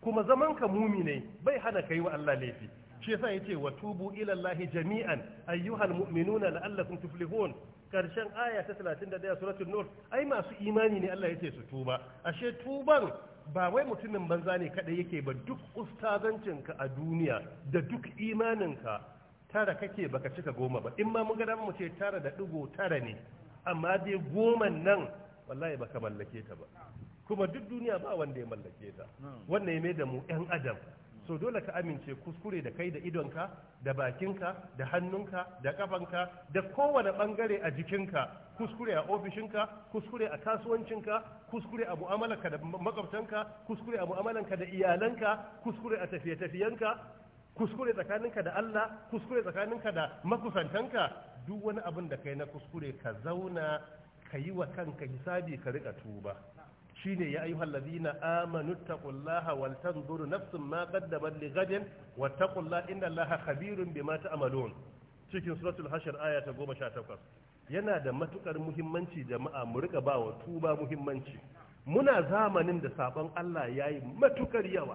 kuma zaman ka mumine bai hana kai wa Allah laifi shi yasa yace wa tubu ila Allah jami'an ayyuhal mu'minuna la'allakum tuflihun karshen aya ta 31 suratul nur ai masu imani ne Allah yace su tuba ashe tuban ba wai mutumin banza ne kadai yake ba duk ustazancinka a duniya da duk imaninka tara kake baka cika goma ba in ma mun ga mu ce tara da digo tara ne amma dai goma nan wallahi baka mallake ta ba kuma duk duniya ba wanda ya mallake ta wannan ya mai da mu yan adam so dole ka amince kuskure da kai da idonka da bakinka da hannunka da kafanka da kowane bangare a jikinka kuskure a ofishinka kuskure a kasuwancinka kuskure a mu'amalarka da makwabtanka kuskure a mu'amalanka da iyalanka kuskure a tafiye-tafiyenka kuskure tsakaninka da Allah kuskure tsakaninka da makusantanka duk wani abin da kai na kuskure ka zauna ka yi wa kanka hisabi ka rika tuba shine ya ayyuhal ladina amanu taqullaha wal tanzuru nafsin ma qaddamat li gadin wattaqullaha innallaha khabirun bima ta'malun cikin suratul hashar aya ta goma sha 18 yana da matukar muhimmanci jama'a mu rika wa tuba muhimmanci muna zamanin da sabon Allah yayi matukar yawa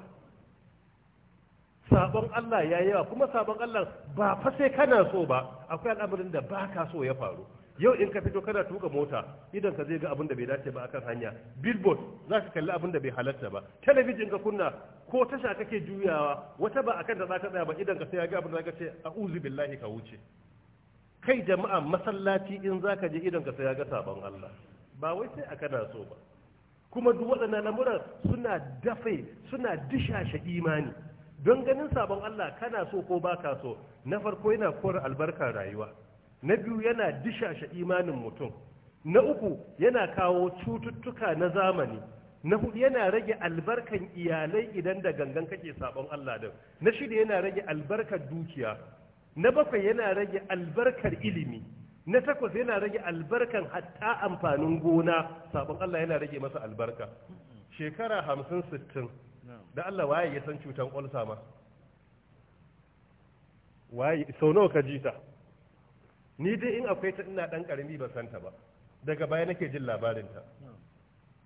sabon Allah ya yawa kuma sabon Allah ba fa sai kana so ba akwai al'amarin da baka so ya faru yau in ka fito kana tuka mota idan ka zai ga abin da bai dace ba akan hanya billboard za ka kalli abin da bai halatta ba talabijin ka kunna ko tasha kake juyawa wata ba akan da za ka tsaya ba idan ka sai ya ga abin da ka ce a'udhu billahi ka wuce kai jama'a masallaci in za ka je idan ka sai ya ga sabon Allah ba wai sai a kana so ba kuma duk waɗannan lamuran suna dafe suna dishashe imani don ganin sabon Allah kana so ko baka so na farko yana kora albarkar rayuwa na biyu yana dishashe imanin mutum na uku yana kawo cututtuka na zamani na hudu yana rage albarkan iyalai idan da gangan kake sabon Allah din na shida yana rage albarkar dukiya na bakwai yana rage albarkar ilimi na takwas yana rage albarkan hatta amfanin gona sabon Allah yana rage masa albarka shekara hamsin sittin da Allah waye ya san cutan ulsama? ma waye sau nawa ka ji ta ni dai in akwai ta ina dan karami ba santa ba daga baya nake jin labarinta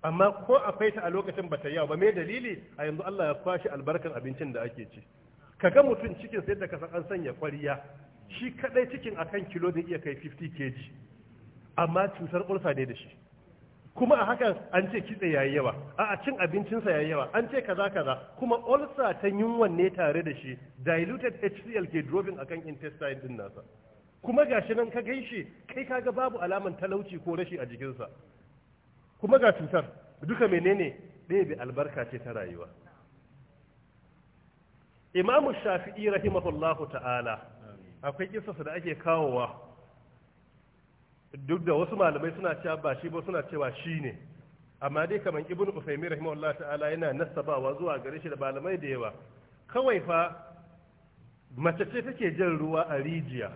amma ko akwai ta a lokacin bata yawa ba me dalili a yanzu Allah ya kwashi albarkan abincin da ake ci kaga mutum cikin sai da kasan an sanya kwariya shi kadai cikin akan kilo zai iya kai 50 kg amma cutar ulsa ne da shi kuma a hakan an ce kitse yayi yawa a cin abincinsa yayi yawa an ce kaza kaza kuma ulsa ta yunwan ne tare da shi diluted HCl ke dropping akan intestine din nasa kuma gashi nan ka gaishe kai kaga babu alaman talauci ko rashi a jikinsa kuma ga cutar duka menene ɗaya bi albarka ce ta rayuwa imamu shafi'i rahimahullahu ta'ala akwai kisarsa da ake kawowa duk da wasu malamai suna cewa ba shi ba suna cewa shi ne amma dai kamar ibn usaimin rahimahullahu ta'ala yana nasabawa zuwa gare shi da malamai da yawa kawai fa mace ce take jan ruwa a rijiya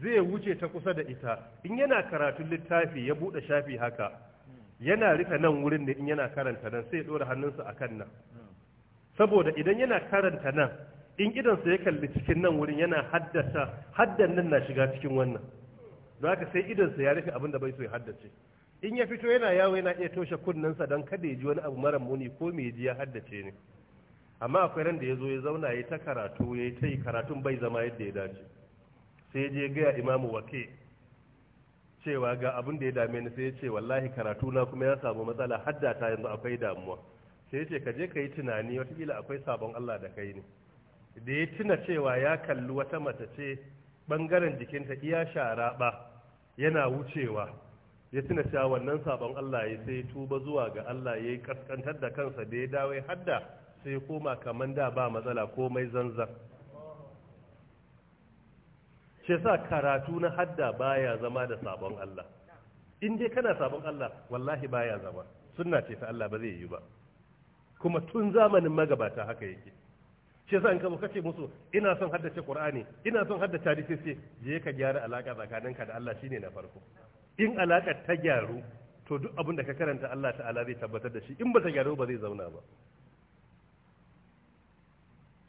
zai wuce ta kusa da ita in yana karatun littafi ya bude shafi haka yana rika nan wurin ne in yana karanta nan sai ya ɗora hannunsa a kan nan saboda idan yana karanta nan in idansa ya kalli cikin nan wurin yana haddasa haddan nan na shiga cikin wannan za ka sai idansa ya rufe abin da bai so ya haddace in ya fito yana yawo yana iya toshe kunnensa don kada ya ji wani abu mara muni ko mai ji ya haddace ne amma akwai ran da ya zo ya zauna ya ta karatu ya ta yi karatun bai zama yadda ya dace sai je gaya imamu wake cewa ga abin da ya dame ni sai ya ce wallahi karatu na kuma ya samu matsala hadda ta yanzu akwai damuwa sai ya ce ka je ka yi tunani watakila akwai sabon Allah da kai ne da ya tuna cewa ya kalli wata mace ce bangaren jikinta iya shara ba yana wucewa ya tuna cewa wannan sabon Allah ya sai tuba zuwa ga Allah ya kaskantar da kansa da ya dawo hadda sai koma kaman da ba matsala komai zanzan shi sa karatu na hadda baya zama da sabon Allah in dai kana sabon Allah wallahi baya zama sunna ce ta Allah ba zai yi ba kuma tun zamanin magabata haka yake shi sa in ka kace musu ina son haddace Qur'ani ina son haddace hadisi sai je ka gyara alaka tsakaninka da Allah shine na farko in alaka ta gyaru to duk abin da ka karanta Allah ta'ala zai tabbatar da shi in ba ta gyaru ba zai zauna ba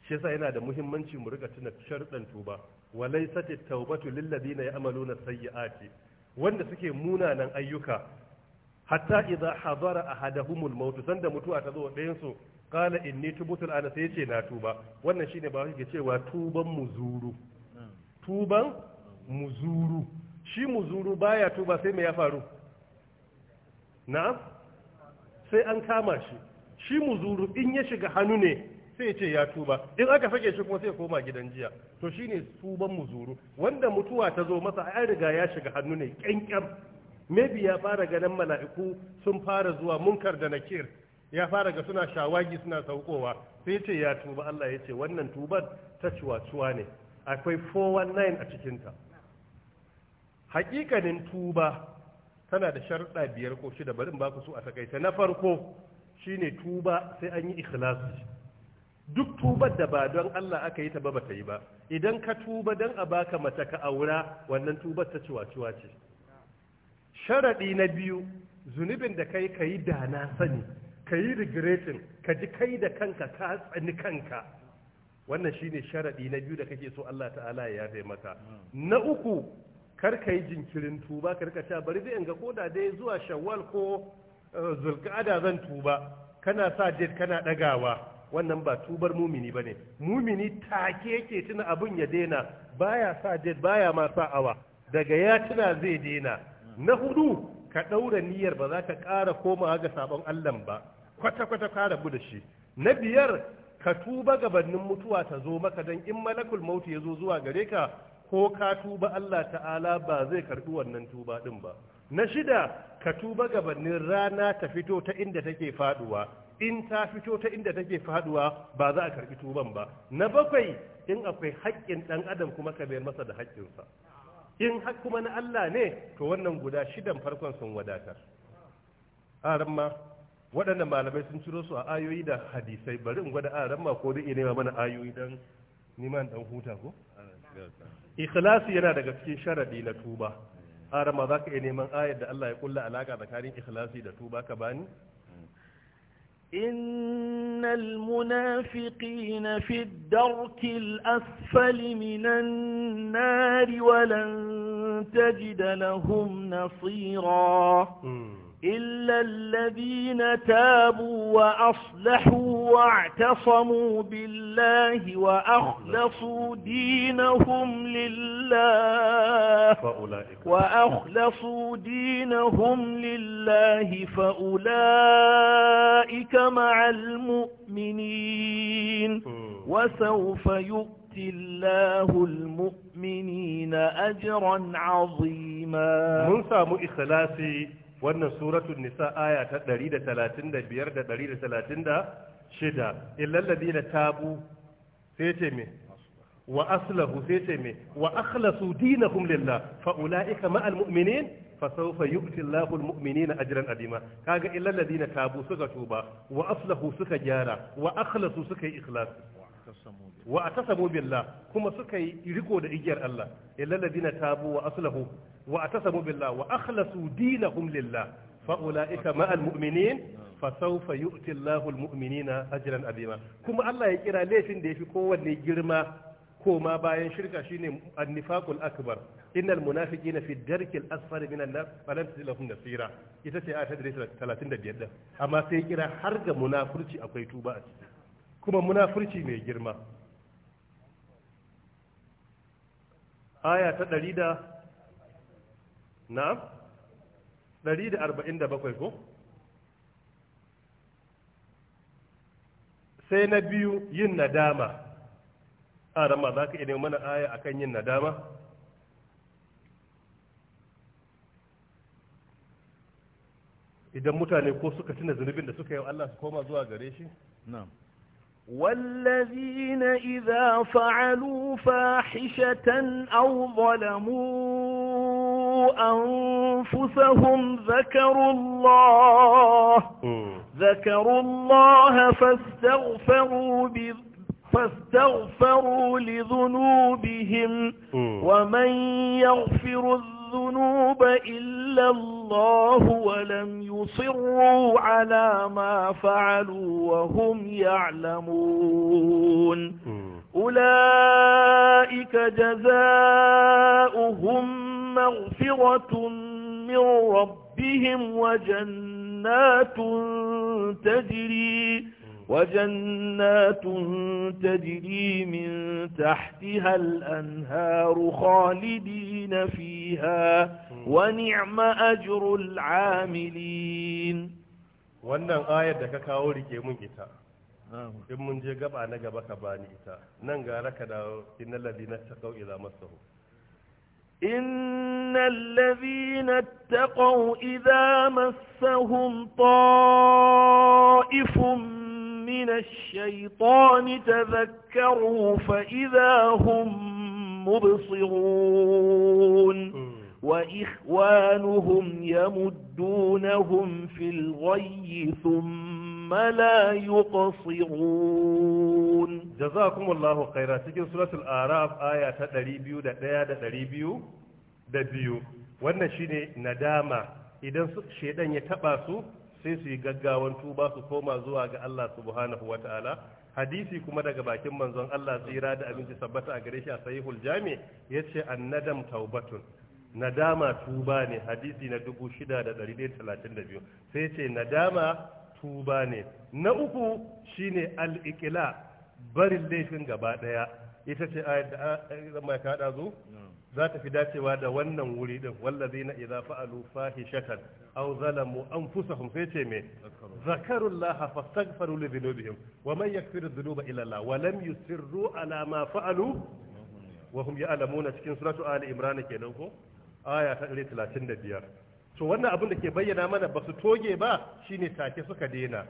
shi yasa yana da muhimmanci mu rika tuna sharɗan tuba wa laysat at-taubatu lil ladina ya'maluna sayyi'ati wanda suke munanan ayyuka hatta idza hadara ahadahumul maut sanda mutuwa ta zo ɗayan su qala inni tubtu ana sai yace na tuba wannan shine ba yake cewa tuban muzuru tuban muzuru shi muzuru baya tuba sai me ya faru na'am sai an kama shi shi muzuru in ya shiga hannu ne sai ce ya tuba in aka sake shi kuma sai koma gidan jiya to shine tuban muzuru wanda mutuwa ta zo masa an riga ya shiga hannu ne kyankyam maybe ya fara ganin mala'iku sun fara zuwa munkar da nakir ya fara ga suna shawagi suna saukowa sai ce ya tuba Allah ya ce wannan tuban ta ciwa ne akwai 419 a ta hakikanin tuba tana da sharda biyar ko shida barin in ba ku su a takaita na farko shine tuba sai an yi ikhlasi duk tubar da ba don Allah aka yi ta ba ta yi ba idan ka tuba don a baka mace ka aura wannan tubar ta ciwa-ciwa ce sharaɗi na biyu zunubin da kai ka yi da na sani ka yi regretin ka ji kai da kanka ka tsani kanka wannan shine sharaɗi na biyu da kake so Allah ta'ala ya yafe maka na uku kar ka yi jinkirin tuba kar ka sha bari zai ga ko da dai zuwa shawwal ko eh, zulkada zan tuba kana sa date kana ɗagawa wannan ba tubar mumini ne. mumini take yake tuna abin ya daina baya sa jet baya ma sa awa daga ya tuna zai daina na hudu ka ɗaura niyyar ba za ka ƙara komawa ga sabon Allah ba kwata kwata ka rabu da shi na biyar ka tuba gabanin mutuwa ta zo maka dan in malakul mauti ya zo zuwa gare ka ko ka tuba Allah ta'ala ba zai karbi wannan tuba ɗin ba na shida ka tuba gabanin rana ta fito ta inda take faɗuwa. in ta fito ta inda take faduwa ba za a karbi tuban ba na bakwai in akwai haƙƙin ɗan adam kuma ka bayar masa da haƙƙinsa in haƙ kuma na Allah ne to wannan guda shidan farkon sun wadatar aran ramma waɗannan malamai sun ciro su a ayoyi da hadisai bari in gwada aran ramma ko da ina mana ayoyi dan neman dan huta ko ikhlasi yana daga cikin sharadi na tuba aran zaka iya neman ayar da Allah ya kulla alaka tsakanin ikhlasi da tuba ka bani إن المنافقين في الدرك الأسفل من النار ولن تجد لهم نصيرا إلا الذين تابوا وأصلحوا واعتصموا بالله وأخلصوا دينهم لله وأخلصوا دينهم لله فأولئك مع المؤمنين وسوف يؤتي الله المؤمنين أجرا عظيما من سامو wannan suratun nisa aya ta 135 da 136 illal ladina tabu sai ce me wa aslahu sai ce me wa akhlasu dinahum lillah fa ulaika ma'al mu'minin fa sawfa yu'ti Allahu al-mu'minina ajran adima kaga illal ladina tabu suka tuba wa aslahu suka gyara wa akhlasu suka yi ikhlas wa atasamu billah kuma suka yi riko da igiyar Allah illal ladina tabu wa aslahu wa atasamu billah wa akhlasu dinahum lillah fa ulaika ma'al mu'minin fa sawfa yu'ti Allahu al-mu'minina ajran kuma Allah ya kira laifin da fi kowanne girma ko ma bayan shirka shine annifaqul akbar innal munafiki na darkil asfali minan nar falan tajid nasira ita ce ayat 35 din amma sai kira har ga munafurci akwai tuba a ciki kuma munafurci mai girma aya ta na'am 147 ko sai na biyu yin nadama a rama za ka iya mana aya akan yin nadama idan mutane ko suka tuna zunubin da suka yi Allah su koma zuwa gare shi na'am wallazina idza fa'alu fahishatan aw zalamu أنفسهم ذكروا الله ذكروا الله فاستغفروا فاستغفروا لذنوبهم ومن يغفر الذنوب الذنوب إلا الله ولم يصروا على ما فعلوا وهم يعلمون أولئك جزاؤهم مغفرة من ربهم وجنات تجري وجنات تجري من تحتها الأنهار خالدين فيها ونعم أجر العاملين wannan ayar da ka kawo rike mun ita in mun je gaba na gaba ka bani ita nan gara ka dawo innal ladina taqaw idza massahum إن الذين اتقوا إذا مسهم طائف من الشيطان تذكروا فإذا هم مبصرون وإخوانهم يمدونهم في الغي ثم لا يقصرون جزاكم الله خيرا تكن سورة الأعراف آية تدريبيو دقيا تدريبيو دبيو wannan shine nadama idan shedan ya taba su sai su yi gaggawan tuba su koma zuwa ga Allah subhanahu wa ta'ala hadisi kuma daga bakin manzon Allah tsira da abinci sabbata a gare shi a sahihul jami yace annadam taubatun nadama tuba ne hadisi na 6132 sai ce nadama tuba ne na uku shine al-iqla barin laifin gaba daya ita ce ayat da eh, mai kada zo za ta fi dacewa da wannan wuri din wallazi na idza fa'alu fahishatan aw zalamu anfusahum sai ce me zakarullah fastaghfiru li dhunubihim wa man yaghfiru dhunuba illa Allah wa lam yusirru ala ma fa'alu wa hum ya'lamuna cikin suratu ali imran kenan ko aya ta 135 to wannan abin da ke bayyana mana ba su toge ba shine take suka dena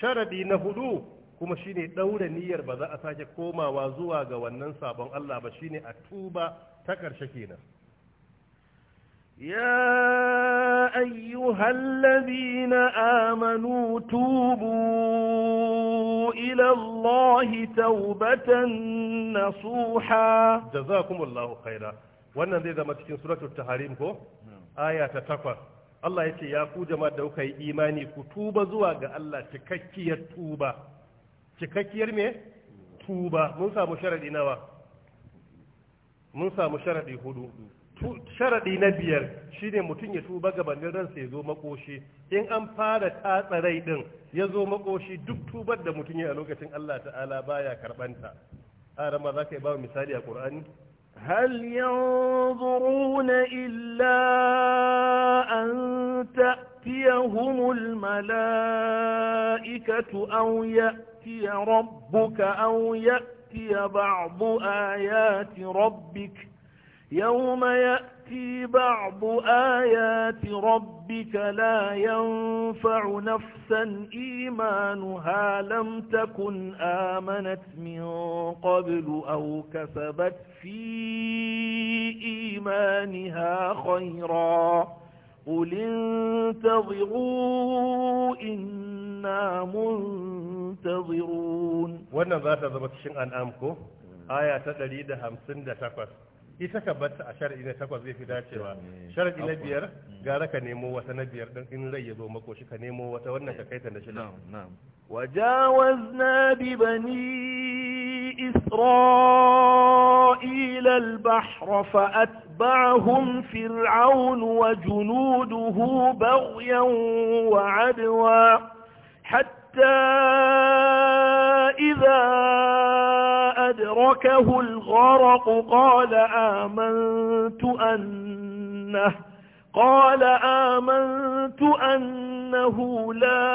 sharadi na hudu kuma shine ɗaure niyyar ba za a sake komawa zuwa ga wannan sabon Allah ba shine a tuba ta karshe kenan يا amanu الذين آمنوا توبوا na suha. Da za جزاكم wannan zai zama cikin suratul taharim ko aya ta takwas Allah ya ce ya ku jama'a da kuka yi imani ku tuba zuwa ga Allah cikakkiyar tuba cikakkiyar me tuba mun samu sharadi nawa mun samu sharadi hudu sharadi na biyar shine mutum ya tuba gabanin ransa ya zo makoshi in an fara tatsa rai din ya zo makoshi duk tubar da mutum ya a lokacin Allah ta'ala baya karbanta a rama za ka yi ba misali a ƙur'ani هل ينظرون إلا أن تأتيهم الملائكة أو يأتي ربك أو يأتي بعض آيات ربك يوم يأتي يأتي بعض آيات ربك لا ينفع نفسا إيمانها لم تكن آمنت من قبل أو كسبت في إيمانها خيرا قل انتظروا إنا منتظرون وانا ذات ذبت شنعا أمكو آية تدريد همسن دشفت ita ka batta a shar'i na takwas zai fi dacewa shar'i na biyar hmm. gara ka nemo wata na biyar din in rai ya zo mako shi ka nemo wata wannan ka kaita da shi وجاوزنا ببني إسرائيل البحر فأتبعهم فرعون وجنوده بغيا وعدوا حتى إذا أدركه الغرق قال آمنت أنه قال آمنت أنه لا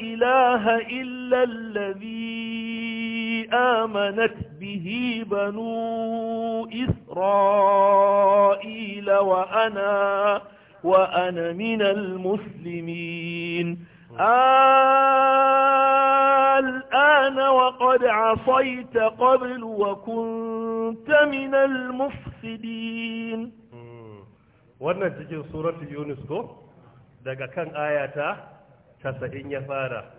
إله إلا الذي آمنت به بنو إسرائيل وأنا وأنا من المسلمين الآن وقد عصيت قبل وكنت من المفسدين hmm. wannan cikin suratu yunus ko daga kan ayata tasa'in ya fara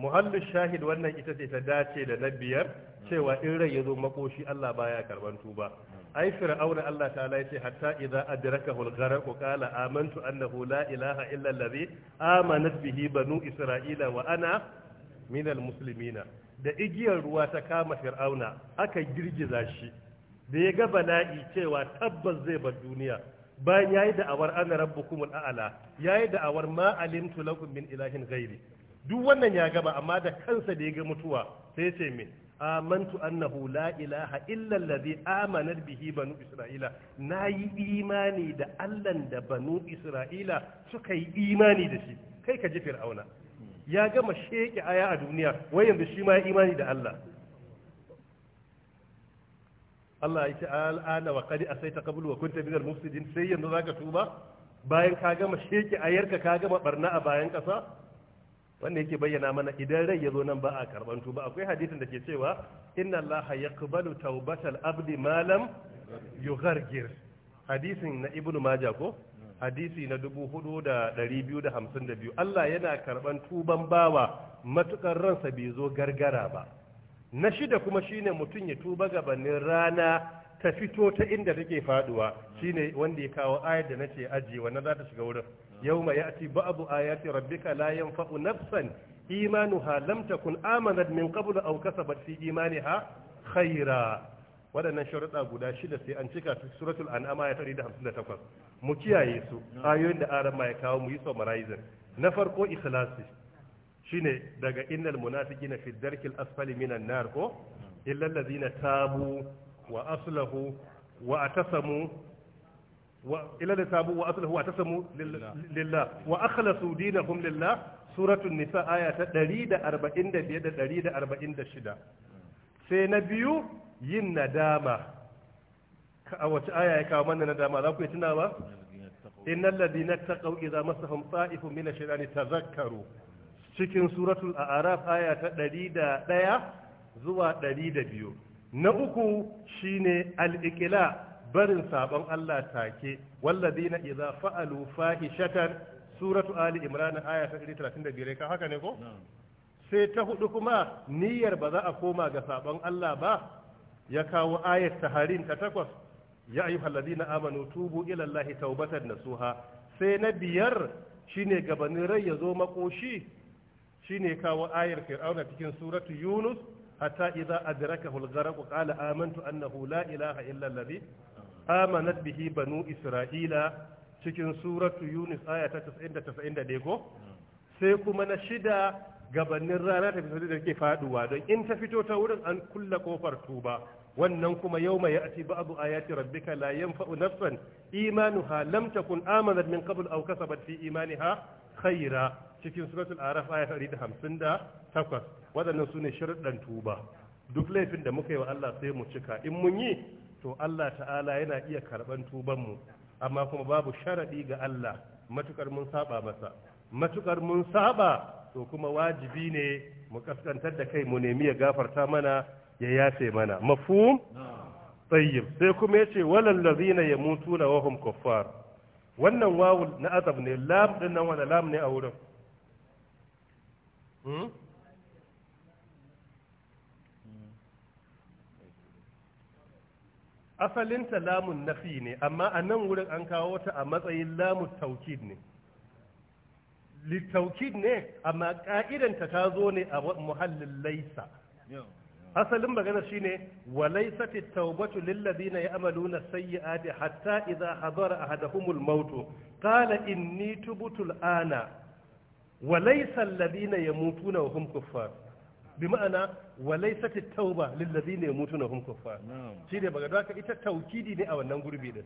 muhallu shahid wannan ita ce ta dace da na biyar cewa in rai ya zo makoshi Allah baya karban tuba ai fir'auna Allah ta'ala yace hatta idza adrakahu al-gharq qala amantu annahu la ilaha illa allazi amanat bihi banu isra'ila wa ana minal muslimina da igiyar ruwa ta kama fir'auna aka girgiza shi da ya ga bala'i cewa tabbas zai bar duniya bayan yayi awar ana rabbukum al-a'la yayi awar ma alimtu lakum min ilahin ghairi duk wannan ya gaba amma da kansa da ya ga mutuwa sai ce min amantu annahu la ilaha illa allazi amanat bihi banu isra'ila nayi imani da Allah da banu isra'ila suka yi imani da shi kai ka ji fir'auna ya gama sheke aya a duniya wai yanzu shi ma ya imani da Allah Allah ya ce al'ana wa qad asaita qablu wa kunta minal mufsidin sai yanzu zaka tuba bayan ka gama sheke ayarka ka gama barna a bayan kasa wanda yake bayyana mana idan rai ya zo nan ba a karban tuba akwai hadisin da ke cewa inna allaha yaqbalu tawbatal abdi malam yughargir hadisin na ibnu maja ko hadisi na 4252 Allah yana karban tuban bawa matukar ransa bai zo gargara ba na shida kuma shine mutum ya tuba gabanin rana ta fito ta inda take faduwa shine wanda ya kawo ayar da nace aji wannan za ta shiga wurin yawma ya'ti ba'du ayati rabbika la yanfa'u nafsan imanuha lam kun amanar min qablu aw kasabat fi ha. khaira waɗannan sharuɗa guda shida sai an cika suratul an'ama ya 158 mu kiyaye su ayoyin da aran ma ya kawo mu yi summarizing na farko ikhlasi shine daga innal munafiqina fi darkil asfali minan nar ko illa na tabu wa aslahu wa atasamu وإلى التابوا وأصله واعتصموا لله وأخلصوا دينهم لله سورة النساء آية دليل أربعين بيد دليل أربعين شدة سينبيو yin nadama a wace aya ya kawo mana nadama za ku yi ta innal ladina taqaw idza cikin suratul a'raf aya ta 101 zuwa 102 na uku shine al-iqla barin sabon Allah take walladina idza fa'alu fahishatan suratu ali imran aya ta 135 ka haka ne ko sai ta hudu kuma niyyar ba za a koma ga sabon Allah ba ya kawo ayat taharin ta takwas ya ayyuhal ladina amanu tubu ila allahi tawbatan nasuha sai na biyar shine gabanin rai ya zo makoshi shine kawo ayar fir'auna cikin suratu yunus hatta idza adrakahu al-gharq qala amantu annahu la ilaha illa alladhi amanat bihi banu isra'ila cikin suratu yunus aya ta 90 go sai kuma na shida gabanin rana ta fito da ke faduwa don in ta fito ta wurin an kulla kofar tuba wannan kuma yau mai ya'ti ba'du ayati rabbika la yanfa'u nafsan ha lam kun amanat min qabl aw kasabat fi ha? khaira cikin suratul araf aya ta 158 wadannan sune sharuɗan tuba duk laifin da muka yi wa Allah sai mu cika in mun yi to Allah ta'ala yana iya karban tubanmu amma kuma babu sharaɗi ga Allah matukar mun saba masa matukar mun saba to kuma wajibi ne mu kaskantar da kai mu nemi ya gafarta mana ya yafe mana mafhum tayyib sai kuma yace walal ladina yamutuna wa hum kuffar wannan wawul na azab ne lam din nan wala lam ne a wurin hmm asalinta lamun nafi ne amma a nan wurin an kawo ta a matsayin lamun taukid ne litaukid ne amma ka'idanta ta zo ne a muhallin laisa asalin magana shine wa laysat at-taubatu lil ladina ya'maluna as-sayyi'ati hatta iza hadara ahaduhumul mautu, qala inni tubtu al-ana wa laysa ya mutu na hum kuffar bi ma'ana walaysat at-tauba lil ladina yamutuna hum kuffar shi ne baga daka ita taukidi ne a wannan gurbi din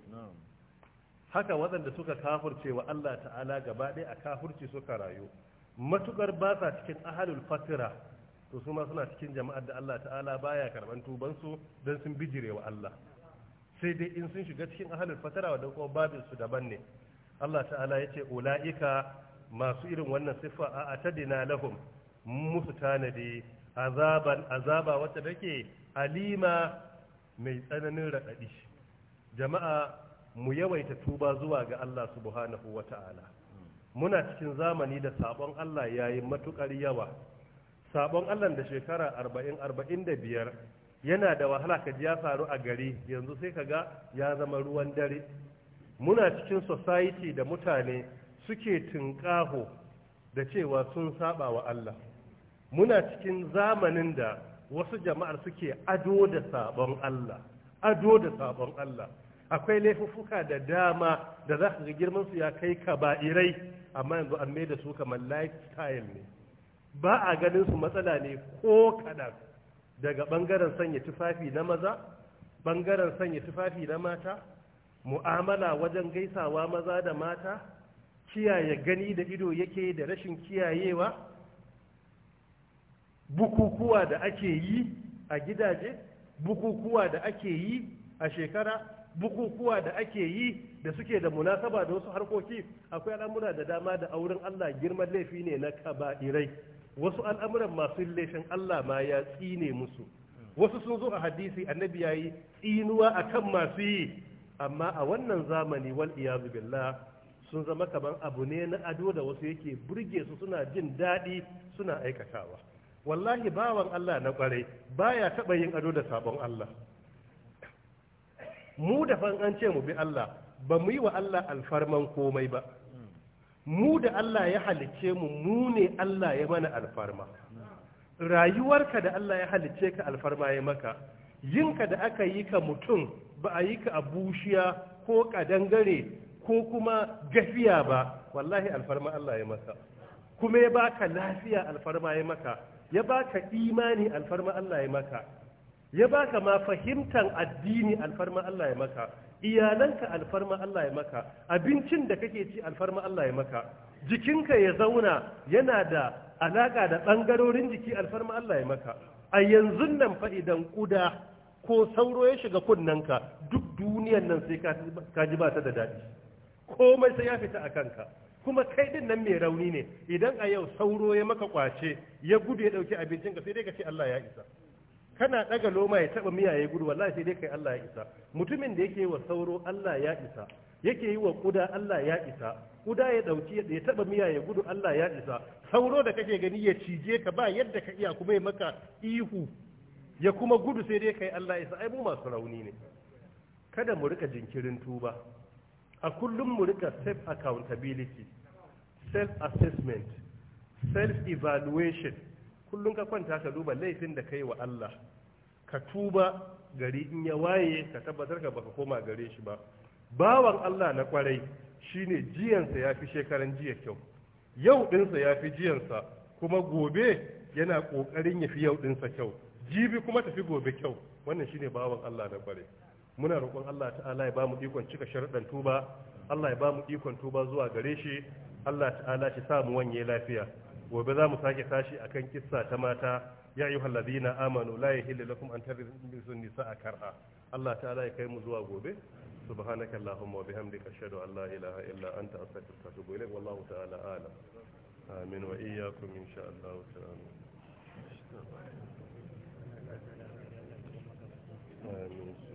haka waɗanda suka kafurce wa Allah ta'ala gaba ɗaya a kafurci suka rayu matukar ba sa cikin ahalul fatira to su ma suna cikin jama'ar da Allah ta'ala baya karban tubansu don sun bijire wa Allah sai dai in sun shiga cikin ahalul fatira wa kuma babin su daban ne Allah ta'ala yace ula'ika masu irin wannan siffa a atadina lahum musu tanadi azaban azaba wata take alima mai tsananin raɗaɗi jama'a mu yawaita tuba zuwa ga Allah subhanahu wata'ala muna cikin zamani da sabon Allah yayi matukar yawa sabon Allah da shekara 40 45 yana da wahala ka ya faru a gari yanzu sai ka ga ya zama ruwan dare muna cikin society da mutane suke tunƙaho da cewa sun saba wa Allah muna cikin zamanin da wasu jama'ar suke ado da sabon Allah ado da sabon Allah akwai laifuffuka da dama da za ka ga girman su ya kai kaba'irai amma yanzu an mai da su kamar lifestyle ne ba a ganin su matsala ne ko kaɗan daga ɓangaren sanya tufafi na maza ɓangaren sanya tufafi na mata mu'amala wajen gaisawa maza da mata kiyaye gani da ido yake da rashin kiyayewa bukukuwa da ake yi a gidaje bukukuwa da ake yi a shekara bukukuwa da ake yi da suke da munasaba da wasu harkoki akwai al'amura da dama da auren Allah girman laifi ne na kaba'irai wasu al'amuran masu laifin Allah ma ya tsine musu wasu sun zo a hadisi annabi yayi tsinuwa kan masu yi amma a wannan zamani wal iyazu billah sun zama kamar abu ne na ado da wasu yake burge su suna jin daɗi suna aikatawa wallahi bawan Allah na kwarai baya taɓa yin ado da sabon Allah mu da fan an ce mu bi Allah ba mu yi wa Allah alfarman komai ba mu da Allah ya halicce mu mu ne Allah ya mana alfarma rayuwarka da Allah ya halicce ka alfarma ya maka yinka da aka yi ka mutum ba a yi ka a bushiya ko kadangare ko kuma gafiya ba wallahi alfarma Allah ya maka kuma ya baka lafiya alfarma ya maka ya baka imani alfarma Allah ya maka ya baka ma fahimtan addini alfarma Allah ya maka iyalanka alfarma Allah ya maka abincin da kake ci alfarma Allah ya maka jikinka ya zauna yana da alaka da ɓangarorin jiki alfarma Allah ya maka a yanzu nan fa idan ƙuda ko sauro ya shiga kunnen-ka duk duniyan nan sai ka ji ba ta da daɗi komai sai ya fita a kanka kuma kai din nan mai rauni ne idan a yau sauro ya maka kwace ya gudu ya dauki abincin ka sai dai ka ce Allah ya isa kana ɗaga loma ya taba miya ya gudu wallahi sai dai kai Allah ya isa mutumin da yake wa sauro Allah ya isa yake yi wa kuda Allah ya isa kuda ya dauki ya taba miya ya gudu Allah ya isa sauro da kake gani ya cije ka ba yadda ka iya kuma ya maka ihu ya kuma gudu sai dai kai Allah ya isa ai mu masu rauni ne kada mu rika jinkirin tuba a kullum mu rika safe accountability self-assessment self-evaluation kullum ka kwanta ka duba laifin da kai wa Allah ka tuba gari in ya waye ka tabbatar ka baka koma gare shi ba bawan Allah na kwarai shine jiyansa ya fi shekaran jiya kyau yau ɗinsa ya fi jiyansa kuma gobe yana ƙoƙarin ya fi yau ɗinsa kyau jibi kuma tafi gobe kyau wannan shine bawan Allah na kwarai muna roƙon Allah ta'ala ya ba mu ikon cika sharuɗan tuba Allah ya ba mu ikon tuba zuwa gare shi Allah ta'ala shi samu wanye lafiya gobe za mu sake tashi akan kissa ta mata ya amana ladina amanu la yahillu lakum an nisa a kar'a Allah ta'ala ya kai mu zuwa gobe subhanaka allahumma wa bihamdika ashhadu an la ilaha illa anta astaghfiruka wa atubu ilayk wallahu ta'ala a'lam amin wa iyyakum insha Allah ta'ala amin